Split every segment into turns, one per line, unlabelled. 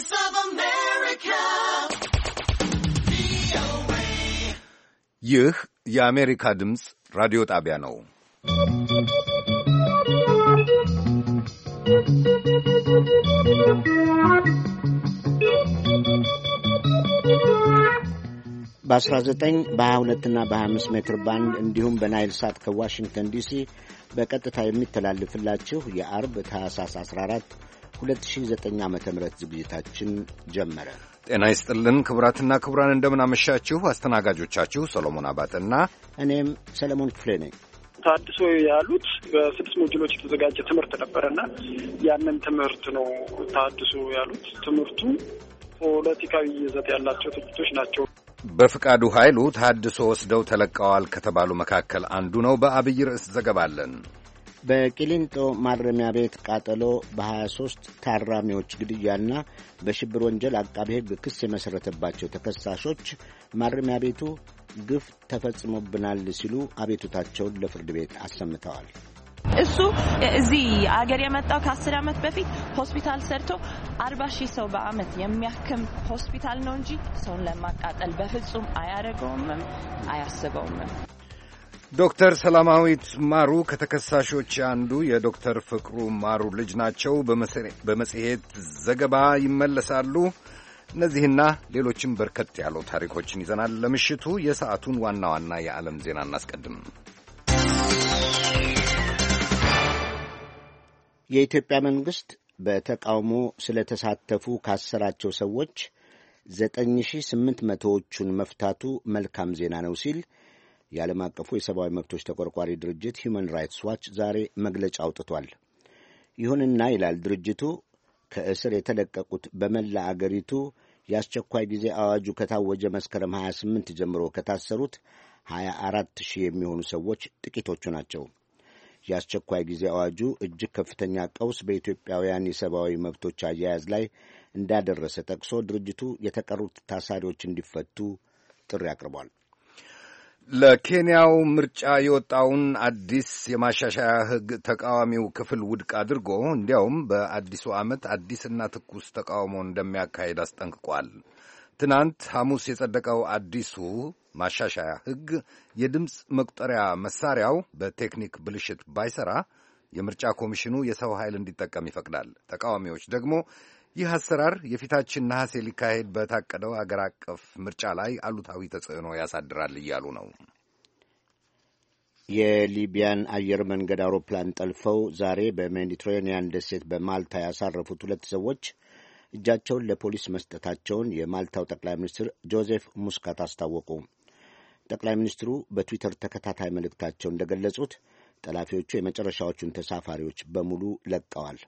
Voice of America.
ይህ የአሜሪካ ድምፅ ራዲዮ ጣቢያ ነው።
በ19 በ22 እና በ25 ሜትር ባንድ እንዲሁም በናይል ሳት ከዋሽንግተን ዲሲ በቀጥታ የሚተላልፍላችሁ የአርብ ታህሳስ 14 2009 ዓ ም ዝግጅታችን ጀመረ። ጤና ይስጥልን ክቡራትና ክቡራን፣ እንደምናመሻችሁ። አስተናጋጆቻችሁ ሰሎሞን አባተና እኔም ሰለሞን ክፍሌ ነኝ።
ታድሶ ያሉት በስድስት ሞጁሎች የተዘጋጀ ትምህርት ነበረና ያንን ትምህርት ነው ታድሶ ያሉት። ትምህርቱ ፖለቲካዊ ይዘት ያላቸው ትችቶች ናቸው።
በፍቃዱ ኃይሉ ታድሶ ወስደው ተለቀዋል ከተባሉ መካከል አንዱ ነው። በአብይ ርዕስ ዘገባለን።
በቂሊንጦ ማረሚያ ቤት ቃጠሎ በ23 ታራሚዎች ግድያና በሽብር ወንጀል አቃቤ ሕግ ክስ የመሠረተባቸው ተከሳሾች ማረሚያ ቤቱ ግፍ ተፈጽሞብናል ሲሉ አቤቱታቸውን ለፍርድ ቤት አሰምተዋል።
እሱ እዚህ አገር የመጣው ከአስር ዓመት በፊት ሆስፒታል ሰርቶ አርባ ሺህ ሰው በአመት የሚያክም ሆስፒታል ነው እንጂ ሰውን ለማቃጠል በፍጹም አያደርገውምም አያስበውምም።
ዶክተር ሰላማዊት ማሩ ከተከሳሾች አንዱ የዶክተር ፍቅሩ ማሩ ልጅ ናቸው። በመጽሔት ዘገባ ይመለሳሉ። እነዚህና ሌሎችም በርከት ያለው ታሪኮችን ይዘናል። ለምሽቱ
የሰዓቱን ዋና ዋና የዓለም ዜና እናስቀድም። የኢትዮጵያ መንግሥት በተቃውሞ ስለተሳተፉ ካሰራቸው ሰዎች ዘጠኝ ሺህ ስምንት መቶዎቹን መፍታቱ መልካም ዜና ነው ሲል የዓለም አቀፉ የሰብአዊ መብቶች ተቆርቋሪ ድርጅት ሂዩማን ራይትስ ዋች ዛሬ መግለጫ አውጥቷል። ይሁንና ይላል ድርጅቱ ከእስር የተለቀቁት በመላ አገሪቱ የአስቸኳይ ጊዜ አዋጁ ከታወጀ መስከረም 28 ጀምሮ ከታሰሩት 24 ሺህ የሚሆኑ ሰዎች ጥቂቶቹ ናቸው። የአስቸኳይ ጊዜ አዋጁ እጅግ ከፍተኛ ቀውስ በኢትዮጵያውያን የሰብአዊ መብቶች አያያዝ ላይ እንዳደረሰ ጠቅሶ ድርጅቱ የተቀሩት ታሳሪዎች እንዲፈቱ ጥሪ አቅርቧል።
ለኬንያው ምርጫ የወጣውን አዲስ የማሻሻያ ሕግ ተቃዋሚው ክፍል ውድቅ አድርጎ እንዲያውም በአዲሱ ዓመት አዲስና ትኩስ ተቃውሞ እንደሚያካሄድ አስጠንቅቋል። ትናንት ሐሙስ የጸደቀው አዲሱ ማሻሻያ ሕግ የድምፅ መቁጠሪያ መሳሪያው በቴክኒክ ብልሽት ባይሰራ የምርጫ ኮሚሽኑ የሰው ኃይል እንዲጠቀም ይፈቅዳል። ተቃዋሚዎች ደግሞ ይህ አሰራር የፊታችን ነሐሴ ሊካሄድ በታቀደው አገር አቀፍ ምርጫ ላይ አሉታዊ ተጽዕኖ ያሳድራል እያሉ ነው።
የሊቢያን አየር መንገድ አውሮፕላን ጠልፈው ዛሬ በሜዲትሬኒያን ደሴት በማልታ ያሳረፉት ሁለት ሰዎች እጃቸውን ለፖሊስ መስጠታቸውን የማልታው ጠቅላይ ሚኒስትር ጆዜፍ ሙስካት አስታወቁ። ጠቅላይ ሚኒስትሩ በትዊተር ተከታታይ መልእክታቸው እንደገለጹት ጠላፊዎቹ የመጨረሻዎቹን ተሳፋሪዎች በሙሉ ለቀዋል።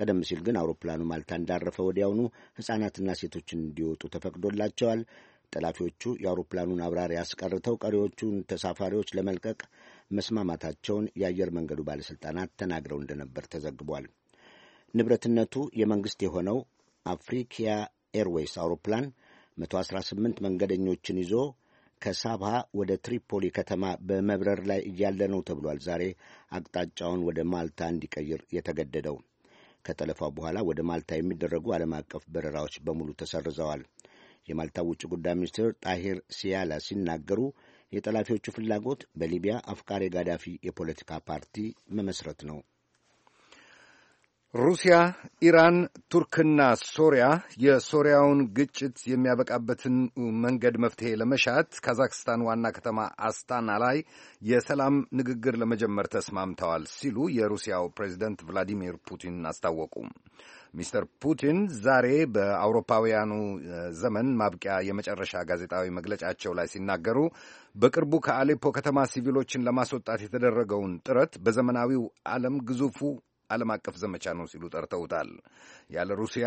ቀደም ሲል ግን አውሮፕላኑ ማልታ እንዳረፈ ወዲያውኑ ሕፃናትና ሴቶችን እንዲወጡ ተፈቅዶላቸዋል። ጠላፊዎቹ የአውሮፕላኑን አብራሪ አስቀርተው ቀሪዎቹን ተሳፋሪዎች ለመልቀቅ መስማማታቸውን የአየር መንገዱ ባለሥልጣናት ተናግረው እንደነበር ተዘግቧል። ንብረትነቱ የመንግሥት የሆነው አፍሪኪያ ኤርዌይስ አውሮፕላን 118 መንገደኞችን ይዞ ከሳብሃ ወደ ትሪፖሊ ከተማ በመብረር ላይ እያለ ነው ተብሏል ዛሬ አቅጣጫውን ወደ ማልታ እንዲቀይር የተገደደው። ከጠለፋው በኋላ ወደ ማልታ የሚደረጉ ዓለም አቀፍ በረራዎች በሙሉ ተሰርዘዋል። የማልታ ውጭ ጉዳይ ሚኒስትር ጣሂር ሲያላ ሲናገሩ የጠላፊዎቹ ፍላጎት በሊቢያ አፍቃሪ ጋዳፊ የፖለቲካ ፓርቲ መመስረት ነው። ሩሲያ፣ ኢራን፣ ቱርክና ሶሪያ
የሶሪያውን ግጭት የሚያበቃበትን መንገድ መፍትሄ ለመሻት ካዛክስታን ዋና ከተማ አስታና ላይ የሰላም ንግግር ለመጀመር ተስማምተዋል ሲሉ የሩሲያው ፕሬዚደንት ቭላዲሚር ፑቲን አስታወቁ። ሚስተር ፑቲን ዛሬ በአውሮፓውያኑ ዘመን ማብቂያ የመጨረሻ ጋዜጣዊ መግለጫቸው ላይ ሲናገሩ በቅርቡ ከአሌፖ ከተማ ሲቪሎችን ለማስወጣት የተደረገውን ጥረት በዘመናዊው ዓለም ግዙፉ ዓለም አቀፍ ዘመቻ ነው ሲሉ ጠርተውታል። ያለ ሩሲያ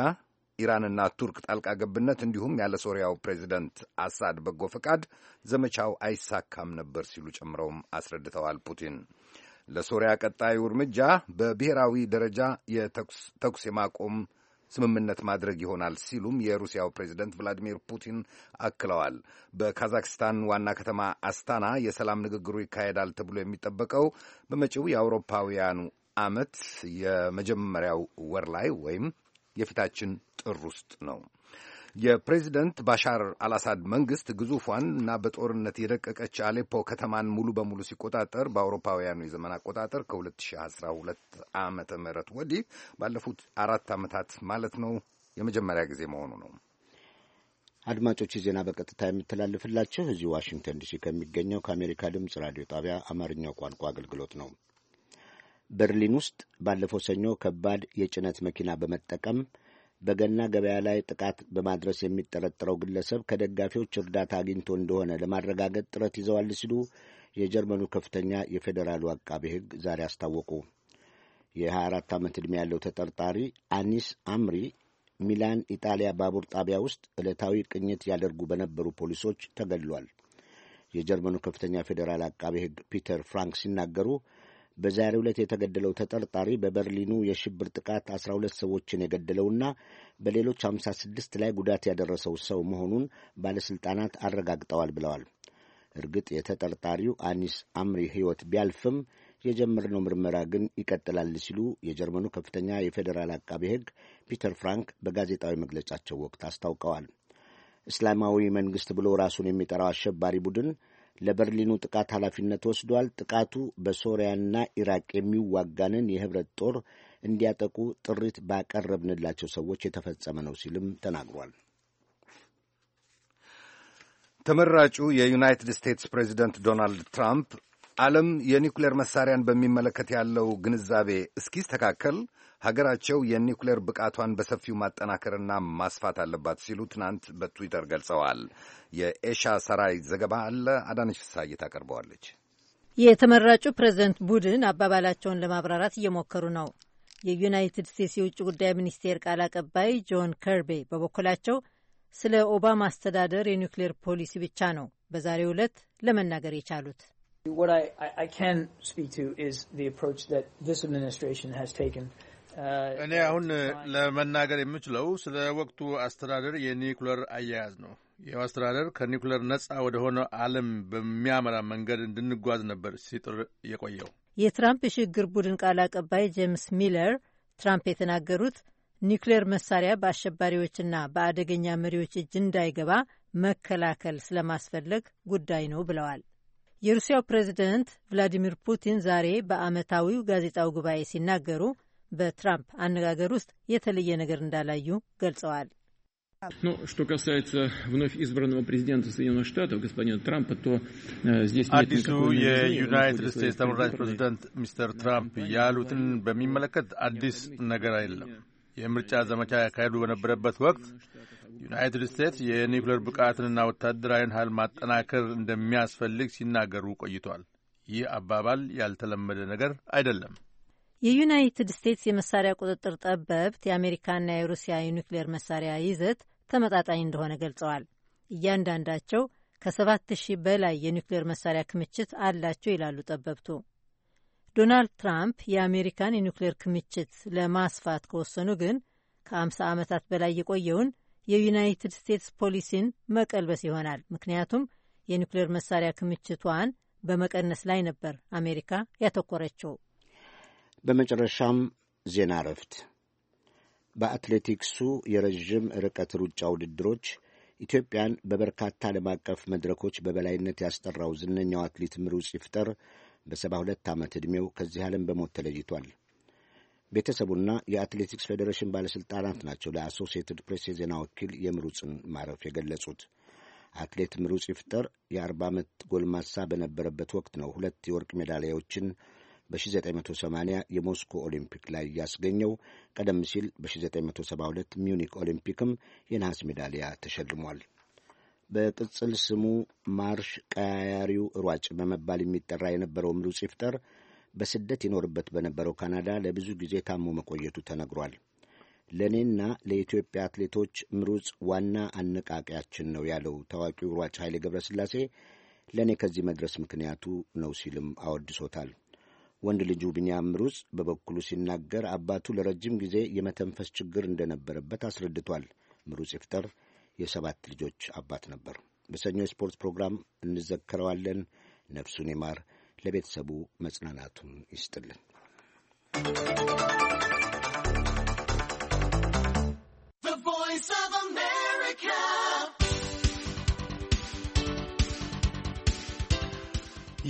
ኢራንና ቱርክ ጣልቃ ገብነት እንዲሁም ያለ ሶሪያው ፕሬዚደንት አሳድ በጎ ፈቃድ ዘመቻው አይሳካም ነበር ሲሉ ጨምረውም አስረድተዋል። ፑቲን ለሶሪያ ቀጣዩ እርምጃ በብሔራዊ ደረጃ የተኩስ የማቆም ስምምነት ማድረግ ይሆናል ሲሉም የሩሲያው ፕሬዚደንት ቭላዲሚር ፑቲን አክለዋል። በካዛክስታን ዋና ከተማ አስታና የሰላም ንግግሩ ይካሄዳል ተብሎ የሚጠበቀው በመጪው የአውሮፓውያኑ ዓመት የመጀመሪያው ወር ላይ ወይም የፊታችን ጥር ውስጥ ነው። የፕሬዚደንት ባሻር አልአሳድ መንግስት ግዙፏን እና በጦርነት የደቀቀች አሌፖ ከተማን ሙሉ በሙሉ ሲቆጣጠር በአውሮፓውያኑ የዘመን አቆጣጠር ከ2012 ዓመተ ምህረት ወዲህ ባለፉት አራት ዓመታት ማለት ነው የመጀመሪያ
ጊዜ መሆኑ ነው። አድማጮች ዜና በቀጥታ የምተላልፍላቸው እዚህ ዋሽንግተን ዲሲ ከሚገኘው ከአሜሪካ ድምፅ ራዲዮ ጣቢያ አማርኛው ቋንቋ አገልግሎት ነው። በርሊን ውስጥ ባለፈው ሰኞ ከባድ የጭነት መኪና በመጠቀም በገና ገበያ ላይ ጥቃት በማድረስ የሚጠረጠረው ግለሰብ ከደጋፊዎች እርዳታ አግኝቶ እንደሆነ ለማረጋገጥ ጥረት ይዘዋል ሲሉ የጀርመኑ ከፍተኛ የፌዴራሉ አቃቢ ሕግ ዛሬ አስታወቁ። የ24 ዓመት ዕድሜ ያለው ተጠርጣሪ አኒስ አምሪ ሚላን ኢጣሊያ ባቡር ጣቢያ ውስጥ ዕለታዊ ቅኝት ያደርጉ በነበሩ ፖሊሶች ተገድሏል። የጀርመኑ ከፍተኛ ፌዴራል አቃቢ ሕግ ፒተር ፍራንክ ሲናገሩ በዛሬው ዕለት የተገደለው ተጠርጣሪ በበርሊኑ የሽብር ጥቃት 12 ሰዎችን የገደለውና በሌሎች 56 ላይ ጉዳት ያደረሰው ሰው መሆኑን ባለሥልጣናት አረጋግጠዋል ብለዋል። እርግጥ የተጠርጣሪው አኒስ አምሪ ሕይወት ቢያልፍም የጀመርነው ምርመራ ግን ይቀጥላል ሲሉ የጀርመኑ ከፍተኛ የፌዴራል አቃቢ ሕግ ፒተር ፍራንክ በጋዜጣዊ መግለጫቸው ወቅት አስታውቀዋል። እስላማዊ መንግሥት ብሎ ራሱን የሚጠራው አሸባሪ ቡድን ለበርሊኑ ጥቃት ኃላፊነት ወስዷል። ጥቃቱ በሶሪያና ኢራቅ የሚዋጋንን የህብረት ጦር እንዲያጠቁ ጥሪት ባቀረብንላቸው ሰዎች የተፈጸመ ነው ሲልም ተናግሯል። ተመራጩ የዩናይትድ
ስቴትስ ፕሬዚደንት ዶናልድ ትራምፕ ዓለም የኒውክሌር መሳሪያን በሚመለከት ያለው ግንዛቤ እስኪስተካከል ሀገራቸው የኒውክሌር ብቃቷን በሰፊው ማጠናከርና ማስፋት አለባት ሲሉ ትናንት በትዊተር ገልጸዋል። የኤሻ ሰራይ ዘገባ አለ። አዳነች ፍሳዬ ታቀርበዋለች።
የተመራጩ ፕሬዝደንት ቡድን አባባላቸውን ለማብራራት እየሞከሩ ነው። የዩናይትድ ስቴትስ የውጭ ጉዳይ ሚኒስቴር ቃል አቀባይ ጆን ከርቤ በበኩላቸው ስለ ኦባማ አስተዳደር የኒውክሌር ፖሊሲ ብቻ ነው በዛሬው ዕለት ለመናገር የቻሉት። What I, I can speak to is the approach that this administration has taken
እኔ አሁን ለመናገር የምችለው ስለ ወቅቱ አስተዳደር የኒኩለር አያያዝ ነው። ይኸው አስተዳደር ከኒኩለር ነጻ ወደ ሆነ ዓለም በሚያመራ መንገድ እንድንጓዝ ነበር ሲጥር የቆየው።
የትራምፕ የሽግግር ቡድን ቃል አቀባይ ጄምስ ሚለር ትራምፕ የተናገሩት ኒኩሌር መሳሪያ በአሸባሪዎችና በአደገኛ መሪዎች እጅ እንዳይገባ መከላከል ስለማስፈለግ ጉዳይ ነው ብለዋል። የሩሲያው ፕሬዚደንት ቭላዲሚር ፑቲን ዛሬ በዓመታዊው ጋዜጣዊ ጉባኤ ሲናገሩ በትራምፕ አነጋገር ውስጥ የተለየ ነገር እንዳላዩ ገልጸዋል።
አዲሱ የዩናይትድ ስቴትስ ተመራጭ ፕሬዚደንት ሚስተር ትራምፕ ያሉትን በሚመለከት አዲስ ነገር አይደለም። የምርጫ ዘመቻ ያካሄዱ በነበረበት ወቅት ዩናይትድ ስቴትስ የኒውክሌር ብቃትንና ወታደራዊን ኃይል ማጠናከር እንደሚያስፈልግ ሲናገሩ ቆይቷል። ይህ አባባል ያልተለመደ ነገር አይደለም።
የዩናይትድ ስቴትስ የመሳሪያ ቁጥጥር ጠበብት የአሜሪካና የሩሲያ የኒውክሌር መሳሪያ ይዘት ተመጣጣኝ እንደሆነ ገልጸዋል። እያንዳንዳቸው ከ7000 በላይ የኒውክሌር መሳሪያ ክምችት አላቸው ይላሉ ጠበብቱ። ዶናልድ ትራምፕ የአሜሪካን የኒውክሌር ክምችት ለማስፋት ከወሰኑ ግን ከ ከ50 ዓመታት በላይ የቆየውን የዩናይትድ ስቴትስ ፖሊሲን መቀልበስ ይሆናል። ምክንያቱም የኒውክሌር መሳሪያ ክምችቷን በመቀነስ ላይ ነበር አሜሪካ ያተኮረችው።
በመጨረሻም ዜና እረፍት። በአትሌቲክሱ የረዥም ርቀት ሩጫ ውድድሮች ኢትዮጵያን በበርካታ ዓለም አቀፍ መድረኮች በበላይነት ያስጠራው ዝነኛው አትሌት ምሩጽ ይፍጠር በሰባ ሁለት ዓመት ዕድሜው ከዚህ ዓለም በሞት ተለይቷል። ቤተሰቡና የአትሌቲክስ ፌዴሬሽን ባለሥልጣናት ናቸው ለአሶሲየትድ ፕሬስ የዜና ወኪል የምሩጽን ማረፍ የገለጹት። አትሌት ምሩጽ ይፍጠር የአርባ ዓመት ጎልማሳ በነበረበት ወቅት ነው ሁለት የወርቅ ሜዳሊያዎችን በ1980 የሞስኮ ኦሊምፒክ ላይ ያስገኘው፣ ቀደም ሲል በ1972 ሚዩኒክ ኦሊምፒክም የነሐስ ሜዳሊያ ተሸልሟል። በቅጽል ስሙ ማርሽ ቀያያሪው ሯጭ በመባል የሚጠራ የነበረው ምሩጽ ይፍጠር በስደት ይኖርበት በነበረው ካናዳ ለብዙ ጊዜ ታሞ መቆየቱ ተነግሯል። ለእኔና ለኢትዮጵያ አትሌቶች ምሩጽ ዋና አነቃቂያችን ነው ያለው ታዋቂው ሯጭ ኃይሌ ገብረስላሴ ለእኔ ከዚህ መድረስ ምክንያቱ ነው ሲልም አወድሶታል። ወንድ ልጁ ቢንያም ሩጽ በበኩሉ ሲናገር አባቱ ለረጅም ጊዜ የመተንፈስ ችግር እንደነበረበት አስረድቷል። ምሩጽ ይፍጠር የሰባት ልጆች አባት ነበር። በሰኞ የስፖርት ፕሮግራም እንዘከረዋለን። ነፍሱን ይማር፣ ለቤተሰቡ መጽናናቱን ይስጥልን።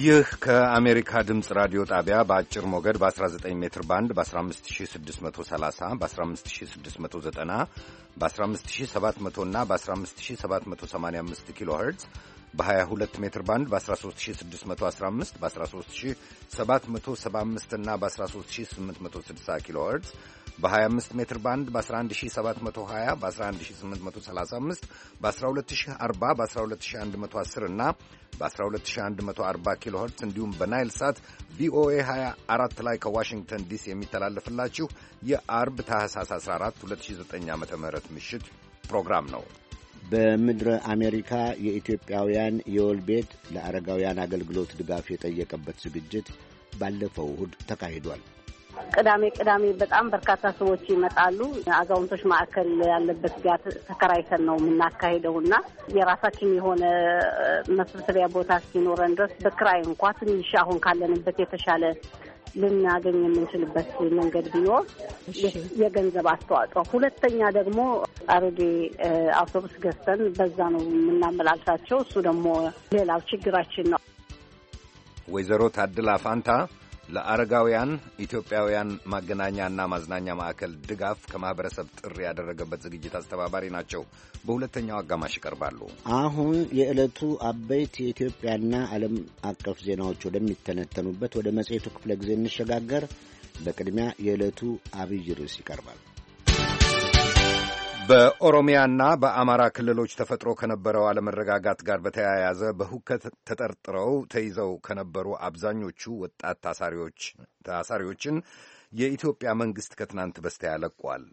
ይህ ከአሜሪካ ድምፅ ራዲዮ ጣቢያ በአጭር ሞገድ በ19 ሜትር ባንድ በ15630 በ15690 በ15700 እና በ15785 ኪሎ ኸርትዝ በ22 ሜትር ባንድ በ13615 በ13775 እና በ13860 ኪሎ ኸርትዝ በ25 ሜትር ባንድ በ11720 በ11835 በ12040 በ12110 እና በ12140 ኪሎ ኸርትዝ እንዲሁም በናይል ሳት ቪኦኤ 24 ላይ ከዋሽንግተን ዲሲ የሚተላለፍላችሁ የአርብ ታህሳስ 14 2009 ዓ ም ምሽት ፕሮግራም ነው።
በምድረ አሜሪካ የኢትዮጵያውያን የወል ቤት ለአረጋውያን አገልግሎት ድጋፍ የጠየቀበት ዝግጅት ባለፈው እሁድ ተካሂዷል።
ቅዳሜ ቅዳሜ በጣም በርካታ ሰዎች ይመጣሉ። አዛውንቶች ማዕከል ያለበት ጋር ተከራይተን ነው የምናካሄደው እና የራሳችን የሆነ መሰብሰቢያ ቦታ እስኪኖረን ድረስ በክራይ እንኳ ትንሽ አሁን ካለንበት የተሻለ ልናገኝ የምንችልበት መንገድ ቢኖር የገንዘብ አስተዋጽኦ፣ ሁለተኛ ደግሞ አሮጌ አውቶቡስ ገዝተን በዛ ነው የምናመላልሳቸው። እሱ ደግሞ ሌላው ችግራችን ነው።
ወይዘሮ ታድላ ፋንታ ለአረጋውያን ኢትዮጵያውያን ማገናኛና ማዝናኛ ማዕከል ድጋፍ ከማኅበረሰብ ጥሪ ያደረገበት ዝግጅት አስተባባሪ ናቸው። በሁለተኛው አጋማሽ ይቀርባሉ።
አሁን የዕለቱ አበይት የኢትዮጵያና ዓለም አቀፍ ዜናዎች ወደሚተነተኑበት ወደ መጽሔቱ ክፍለ ጊዜ እንሸጋገር። በቅድሚያ የዕለቱ አብይ ርዕስ ይቀርባል። በኦሮሚያና
በአማራ ክልሎች ተፈጥሮ ከነበረው አለመረጋጋት ጋር በተያያዘ በሁከት ተጠርጥረው ተይዘው ከነበሩ አብዛኞቹ ወጣት ታሳሪዎችን የኢትዮጵያ መንግሥት ከትናንት በስቲያ ለቋል።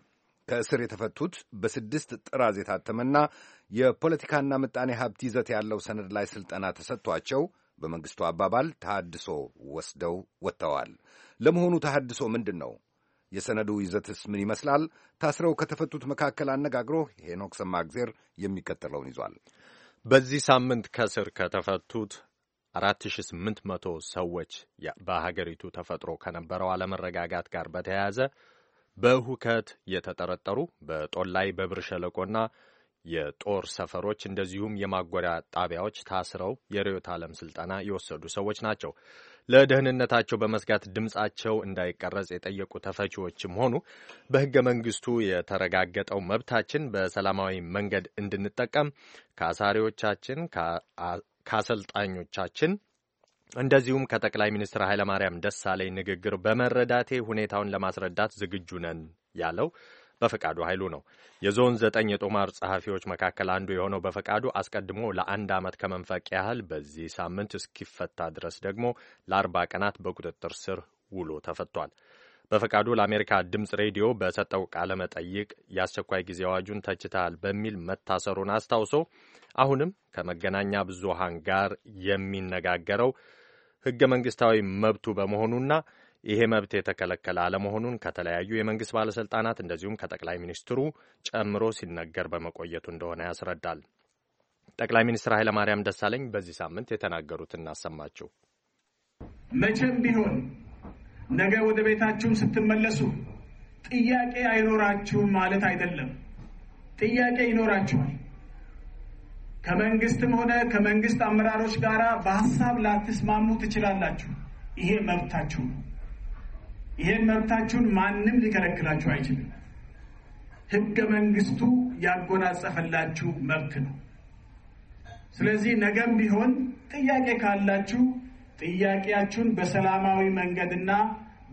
ከእስር የተፈቱት በስድስት ጥራዝ የታተመና የፖለቲካና ምጣኔ ሀብት ይዘት ያለው ሰነድ ላይ ሥልጠና ተሰጥቷቸው በመንግሥቱ አባባል ተሃድሶ ወስደው ወጥተዋል። ለመሆኑ ተሃድሶ ምንድን ነው? የሰነዱ ይዘትስ ምን ይመስላል? ታስረው ከተፈቱት መካከል አነጋግሮ ሄኖክ
ሰማእግዜር የሚከተለውን ይዟል። በዚህ ሳምንት ከስር ከተፈቱት 4800 ሰዎች በሀገሪቱ ተፈጥሮ ከነበረው አለመረጋጋት ጋር በተያያዘ በሁከት የተጠረጠሩ በጦላይ ላይ በብር ሸለቆና የጦር ሰፈሮች እንደዚሁም የማጎሪያ ጣቢያዎች ታስረው የርዕዮተ ዓለም ስልጠና የወሰዱ ሰዎች ናቸው። ለደህንነታቸው በመስጋት ድምፃቸው እንዳይቀረጽ የጠየቁ ተፈቺዎችም ሆኑ በህገ መንግስቱ የተረጋገጠው መብታችን በሰላማዊ መንገድ እንድንጠቀም ከአሳሪዎቻችን፣ ከአሰልጣኞቻችን እንደዚሁም ከጠቅላይ ሚኒስትር ኃይለማርያም ደሳለኝ ንግግር በመረዳቴ ሁኔታውን ለማስረዳት ዝግጁ ነን ያለው በፈቃዱ ኃይሉ ነው። የዞን ዘጠኝ የጦማር ጸሐፊዎች መካከል አንዱ የሆነው በፈቃዱ አስቀድሞ ለአንድ ዓመት ከመንፈቅ ያህል በዚህ ሳምንት እስኪፈታ ድረስ ደግሞ ለአርባ ቀናት በቁጥጥር ስር ውሎ ተፈቷል። በፈቃዱ ለአሜሪካ ድምፅ ሬዲዮ በሰጠው ቃለ መጠይቅ የአስቸኳይ ጊዜ አዋጁን ተችተሃል በሚል መታሰሩን አስታውሶ አሁንም ከመገናኛ ብዙሃን ጋር የሚነጋገረው ህገ መንግስታዊ መብቱ በመሆኑና ይሄ መብት የተከለከለ አለመሆኑን ከተለያዩ የመንግሥት ባለሥልጣናት እንደዚሁም ከጠቅላይ ሚኒስትሩ ጨምሮ ሲነገር በመቆየቱ እንደሆነ ያስረዳል። ጠቅላይ ሚኒስትር ማርያም ደሳለኝ በዚህ ሳምንት የተናገሩት እናሰማችሁ።
መቼም ቢሆን ነገ ወደ ቤታችሁም ስትመለሱ ጥያቄ አይኖራችሁም ማለት አይደለም። ጥያቄ ይኖራችኋል። ከመንግስትም ሆነ ከመንግስት አመራሮች ጋር በሀሳብ ላትስማሙ ትችላላችሁ። ይሄ መብታችሁ ነው። ይሄን መብታችሁን ማንም ሊከለክላችሁ አይችልም። ህገ መንግስቱ ያጎናጸፈላችሁ መብት ነው። ስለዚህ ነገም ቢሆን ጥያቄ ካላችሁ ጥያቄያችሁን በሰላማዊ መንገድና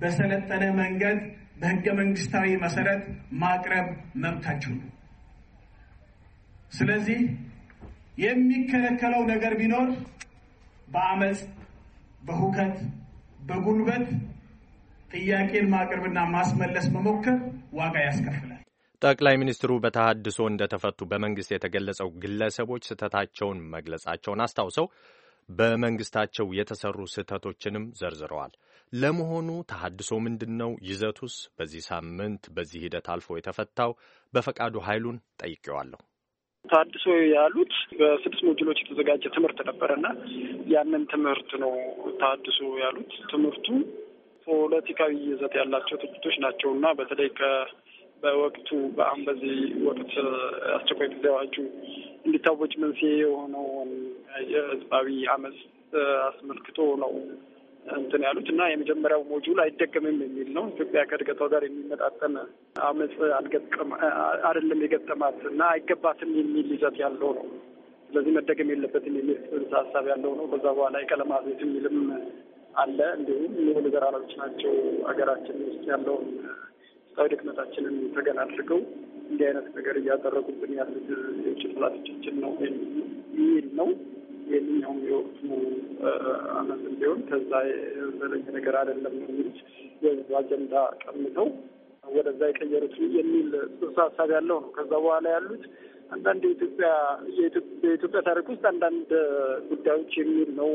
በሰለጠነ መንገድ በህገ መንግስታዊ መሰረት ማቅረብ መብታችሁ ነው። ስለዚህ የሚከለከለው ነገር ቢኖር በአመፅ፣ በሁከት፣ በጉልበት ጥያቄን ማቅረብና ማስመለስ መሞከር ዋጋ ያስከፍላል።
ጠቅላይ ሚኒስትሩ በተሃድሶ እንደተፈቱ በመንግስት የተገለጸው ግለሰቦች ስህተታቸውን መግለጻቸውን አስታውሰው በመንግስታቸው የተሰሩ ስህተቶችንም ዘርዝረዋል። ለመሆኑ ተሃድሶ ምንድን ነው? ይዘቱስ? በዚህ ሳምንት በዚህ ሂደት አልፎ የተፈታው በፈቃዱ ኃይሉን ጠይቄዋለሁ።
ታድሶ ያሉት በስድስት ሞጁሎች የተዘጋጀ ትምህርት ነበረና ያንን ትምህርት ነው ታድሶ ያሉት ትምህርቱ ፖለቲካዊ ይዘት ያላቸው ትችቶች እና በተለይ በወቅቱ በአሁን በዚህ ወቅት አስቸኳይ ጊዜ አዋጁ እንዲታወጅ መንስኤ የሆነውን የህዝባዊ አመፅ አስመልክቶ ነው እንትን ያሉት እና የመጀመሪያው ሞጁል አይደገምም የሚል ነው። ኢትዮጵያ ከእድገቷ ጋር የሚመጣጠን አመፅ አይደለም የገጠማት እና አይገባትም የሚል ይዘት ያለው ነው። ስለዚህ መደገም የለበትም የሚል ሀሳብ ያለው ነው። በዛ በኋላ የቀለማ ቤት የሚልም አለ። እንዲሁም ሊበራሎች ናቸው ሀገራችን ውስጥ ያለውን ስታዊ ድክመታችንን ተገን አድርገው እንዲህ አይነት ነገር እያደረጉብን ያሉት የውጭ ጥላቶቻችን ነው የሚል ነው። የትኛውም የወቅቱ አመት እንዲሆን ከዛ የዘለየ ነገር አይደለም የሚሉት የህዝብ አጀንዳ ቀምተው ወደዛ የቀየሩት የሚል ጽንሰ ሀሳብ ያለው ነው። ከዛ በኋላ ያሉት አንዳንድ የኢትዮጵያ በኢትዮጵያ ታሪክ ውስጥ አንዳንድ ጉዳዮች የሚል ነው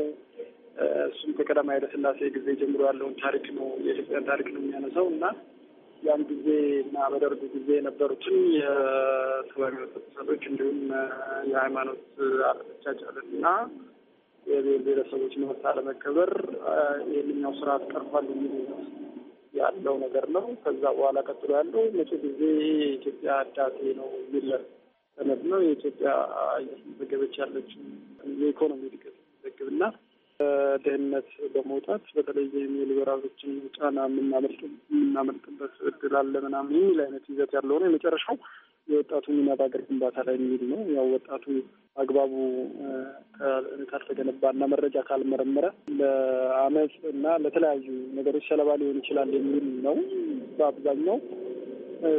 እሱም ከቀዳማዊ ኃይለ ሥላሴ ጊዜ ጀምሮ ያለውን ታሪክ ነው የኢትዮጵያን ታሪክ ነው የሚያነሳው እና ያን ጊዜ እና በደርግ ጊዜ የነበሩትን የሰብአዊ መብት ጥሰቶች እንዲሁም የሃይማኖት አለመቻቻልን እና የብሔር ብሔረሰቦች መብት አለመከበር ይህንኛው ስርዓት ቀርፏል የሚል ያለው ነገር ነው። ከዛ በኋላ ቀጥሎ ያለው መቼ ጊዜ የኢትዮጵያ አዳሴ ነው የሚል ሰነድ ነው። የኢትዮጵያ እየተመዘገበች ያለችው የኢኮኖሚ እድገት ዘግብና ድህነት በመውጣት በተለይ የሊበራሎችን ጫና የምናመልጥበት እድል አለ ምናምን የሚል አይነት ይዘት ያለው ነው። የመጨረሻው የወጣቱ ሚና በሀገር ግንባታ ላይ የሚል ነው። ያው ወጣቱ አግባቡ ካልተገነባ እና መረጃ ካልመረመረ ለአመፅ እና ለተለያዩ ነገሮች ሰለባ ሊሆን ይችላል የሚል ነው በአብዛኛው።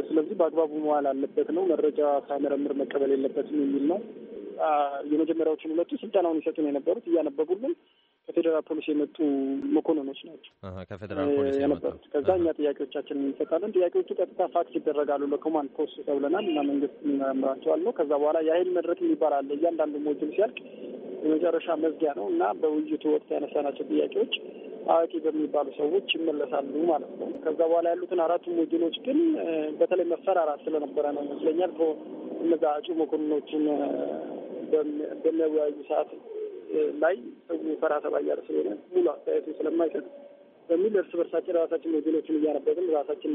ስለዚህ በአግባቡ መዋል አለበት ነው። መረጃ ሳይመረምር መቀበል የለበትም የሚል ነው። የመጀመሪያዎቹን ሁለቱ ስልጠናውን ይሰጡን የነበሩት እያነበቡልን ከፌዴራል ፖሊስ የመጡ መኮንኖች ናቸው
ከፌዴራል ፖሊስ የነበሩት።
ከዛ እኛ ጥያቄዎቻችን እንሰጣለን። ጥያቄዎቹ ቀጥታ ፋክስ ይደረጋሉ ለኮማንድ ፖስት ተብለናል እና መንግስት የሚመረምራቸዋል ነው። ከዛ በኋላ የሀይል መድረክ የሚባል አለ። እያንዳንዱ ሞጁል ሲያልቅ የመጨረሻ መዝጊያ ነው እና በውይይቱ ወቅት ያነሳናቸው ጥያቄዎች አዋቂ በሚባሉ ሰዎች ይመለሳሉ ማለት ነው። ከዛ በኋላ ያሉትን አራቱ ሞጁሎች ግን በተለይ መፈራራት ስለነበረ ነው ይመስለኛል እነዛ አጩ መኮንኖችን በሚያወያዩ ሰዓት ላይ ሰው ፈራ ተባ እያለ ስለሆነ ሙሉ አስተያየቱ ስለማይሰጥ በሚል እርስ በርሳችን ራሳችን ወገኖችን እያነበብን ራሳችን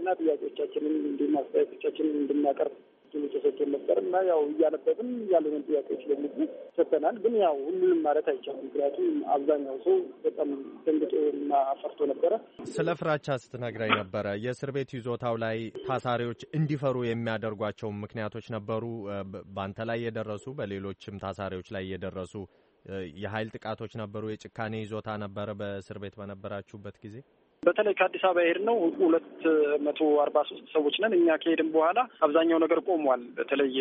እና ጥያቄዎቻችንን እንዲሁም አስተያየቶቻችንን እንድናቀርብ ችሎቶሶችን ነበር እና ያው እያነበብን ያለንን ጥያቄዎች ለሚሉ ሰጥተናል። ግን ያው ሁሉንም ማለት አይቻልም። ምክንያቱም አብዛኛው ሰው በጣም ደንግጦ እና አፈርቶ ነበረ።
ስለ ፍራቻ ስትነግረኝ ነበረ። የእስር ቤት ይዞታው ላይ ታሳሪዎች እንዲፈሩ የሚያደርጓቸው ምክንያቶች ነበሩ፣ በአንተ ላይ የደረሱ በሌሎችም ታሳሪዎች ላይ የደረሱ የኃይል ጥቃቶች ነበሩ? የጭካኔ ይዞታ ነበረ በእስር ቤት በነበራችሁበት ጊዜ?
በተለይ ከአዲስ አበባ ነው ሁለት መቶ አርባ ሶስት ሰዎች ነን። እኛ ከሄድን በኋላ አብዛኛው ነገር ቆሟል። በተለይ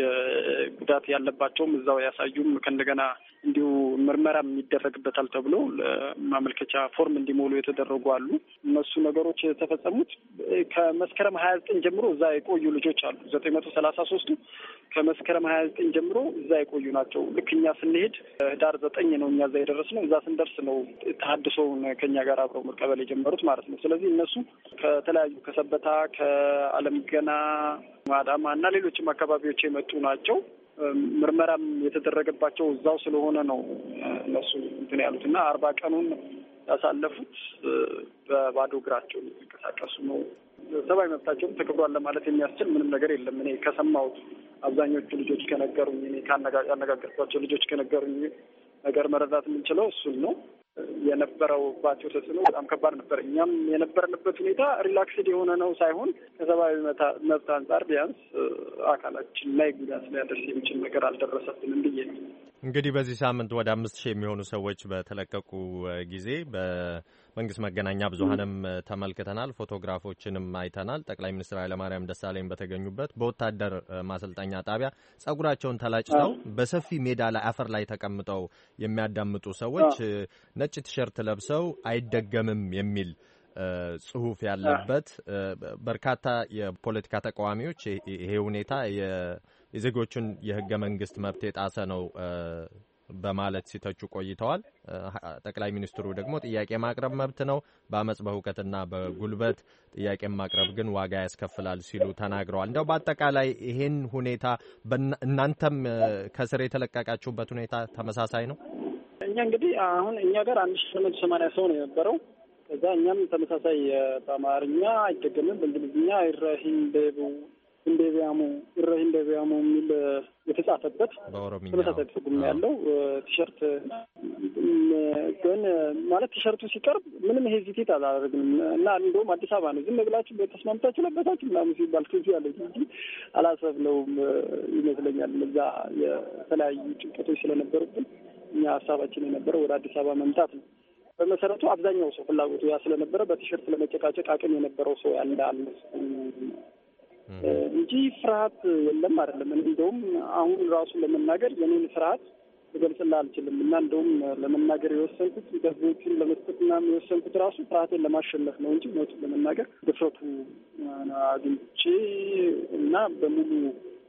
ጉዳት ያለባቸውም እዛው ያሳዩም ከእንደገና እንዲሁ ምርመራም ይደረግበታል ተብሎ ለማመልከቻ ፎርም እንዲሞሉ የተደረጉ አሉ። እነሱ ነገሮች የተፈጸሙት ከመስከረም ሀያ ዘጠኝ ጀምሮ እዛ የቆዩ ልጆች አሉ። ዘጠኝ መቶ ሰላሳ ሶስቱ ከመስከረም ሀያ ዘጠኝ ጀምሮ እዛ የቆዩ ናቸው። ልክ እኛ ስንሄድ ህዳር ዘጠኝ ነው እኛ እዛ የደረስነው። እዛ ስንደርስ ነው ተሀድሶውን ከኛ ጋር አብረው መቀበል የጀመሩት ማለት ነው። ነው። ስለዚህ እነሱ ከተለያዩ ከሰበታ፣ ከአለም ገና፣ ማዳማ እና ሌሎችም አካባቢዎች የመጡ ናቸው። ምርመራም የተደረገባቸው እዛው ስለሆነ ነው እነሱ እንትን ያሉት እና አርባ ቀኑን ያሳለፉት በባዶ እግራቸው የሚንቀሳቀሱ ነው። ሰብአዊ መብታቸውም ተከብሯል ለማለት የሚያስችል ምንም ነገር የለም። እኔ ከሰማሁት አብዛኞቹ ልጆች ከነገሩኝ፣ እኔ ያነጋገርኳቸው ልጆች ከነገሩኝ ነገር መረዳት የምንችለው እሱን ነው። የነበረውባቸው ተጽዕኖ በጣም ከባድ ነበር። እኛም የነበርንበት ሁኔታ ሪላክስድ የሆነ ነው ሳይሆን ከሰብአዊ መብት አንጻር ቢያንስ አካላችን ላይ ጉዳት ሊያደርስ የሚችል ነገር አልደረሰብንም ብዬ
እንግዲህ በዚህ ሳምንት ወደ አምስት ሺህ የሚሆኑ ሰዎች በተለቀቁ ጊዜ በመንግስት መገናኛ ብዙኃንም ተመልክተናል፣ ፎቶግራፎችንም አይተናል። ጠቅላይ ሚኒስትር ኃይለማርያም ደሳለኝ በተገኙበት በወታደር ማሰልጠኛ ጣቢያ ጸጉራቸውን ተላጭተው በሰፊ ሜዳ ላይ አፈር ላይ ተቀምጠው የሚያዳምጡ ሰዎች ነጭ ቲሸርት ለብሰው አይደገምም የሚል ጽሁፍ ያለበት በርካታ የፖለቲካ ተቃዋሚዎች ይሄ ሁኔታ የዜጎቹን የህገ መንግስት መብት የጣሰ ነው በማለት ሲተቹ ቆይተዋል። ጠቅላይ ሚኒስትሩ ደግሞ ጥያቄ ማቅረብ መብት ነው፣ በአመፅ በሁከትና በጉልበት ጥያቄ ማቅረብ ግን ዋጋ ያስከፍላል ሲሉ ተናግረዋል። እንደው በአጠቃላይ ይህን ሁኔታ እናንተም ከስር የተለቀቃችሁበት ሁኔታ ተመሳሳይ ነው።
እኛ እንግዲህ አሁን እኛ ጋር አንድ ሺ ስምንት ሰማንያ ሰው ነው የነበረው። ከዛ እኛም ተመሳሳይ በአማርኛ አይደገምም፣ በእንግሊዝኛ ይረሂን እንደቢያሙ እረህ እንደቢያሙ የሚል የተጻፈበት
ተመሳሳይ ትርጉም ያለው
ቲሸርት ግን ማለት ቲሸርቱ ሲቀርብ ምንም ሄዚቴት አላደርግንም እና እንደውም አዲስ አበባ ነው ዝም ብላችሁ በተስማምታችሁ ለበሳችሁ ምናምን ሲባል ትዙ ያለ እንጂ አላሰብነውም ይመስለኛል። እዛ የተለያዩ ጭንቀቶች ስለነበሩብን እኛ ሀሳባችን የነበረው ወደ አዲስ አበባ መምጣት ነው። በመሰረቱ አብዛኛው ሰው ፍላጎቱ ያ ስለነበረ በቲሸርት ለመጨቃጨቅ አቅም የነበረው ሰው ያለ አልመሰለኝም። እንጂ ፍርሀት የለም አይደለም። እንደውም አሁን ራሱ ለመናገር የኔን ፍርሀት ልገልጽላ አልችልም። እና እንደውም ለመናገር የወሰንኩት ደቦቹን ና የወሰንኩት ራሱ ፍርሀቴን ለማሸነፍ ነው እንጂ ሞቱ ለመናገር ድፍረቱ አግኝቼ እና በሙሉ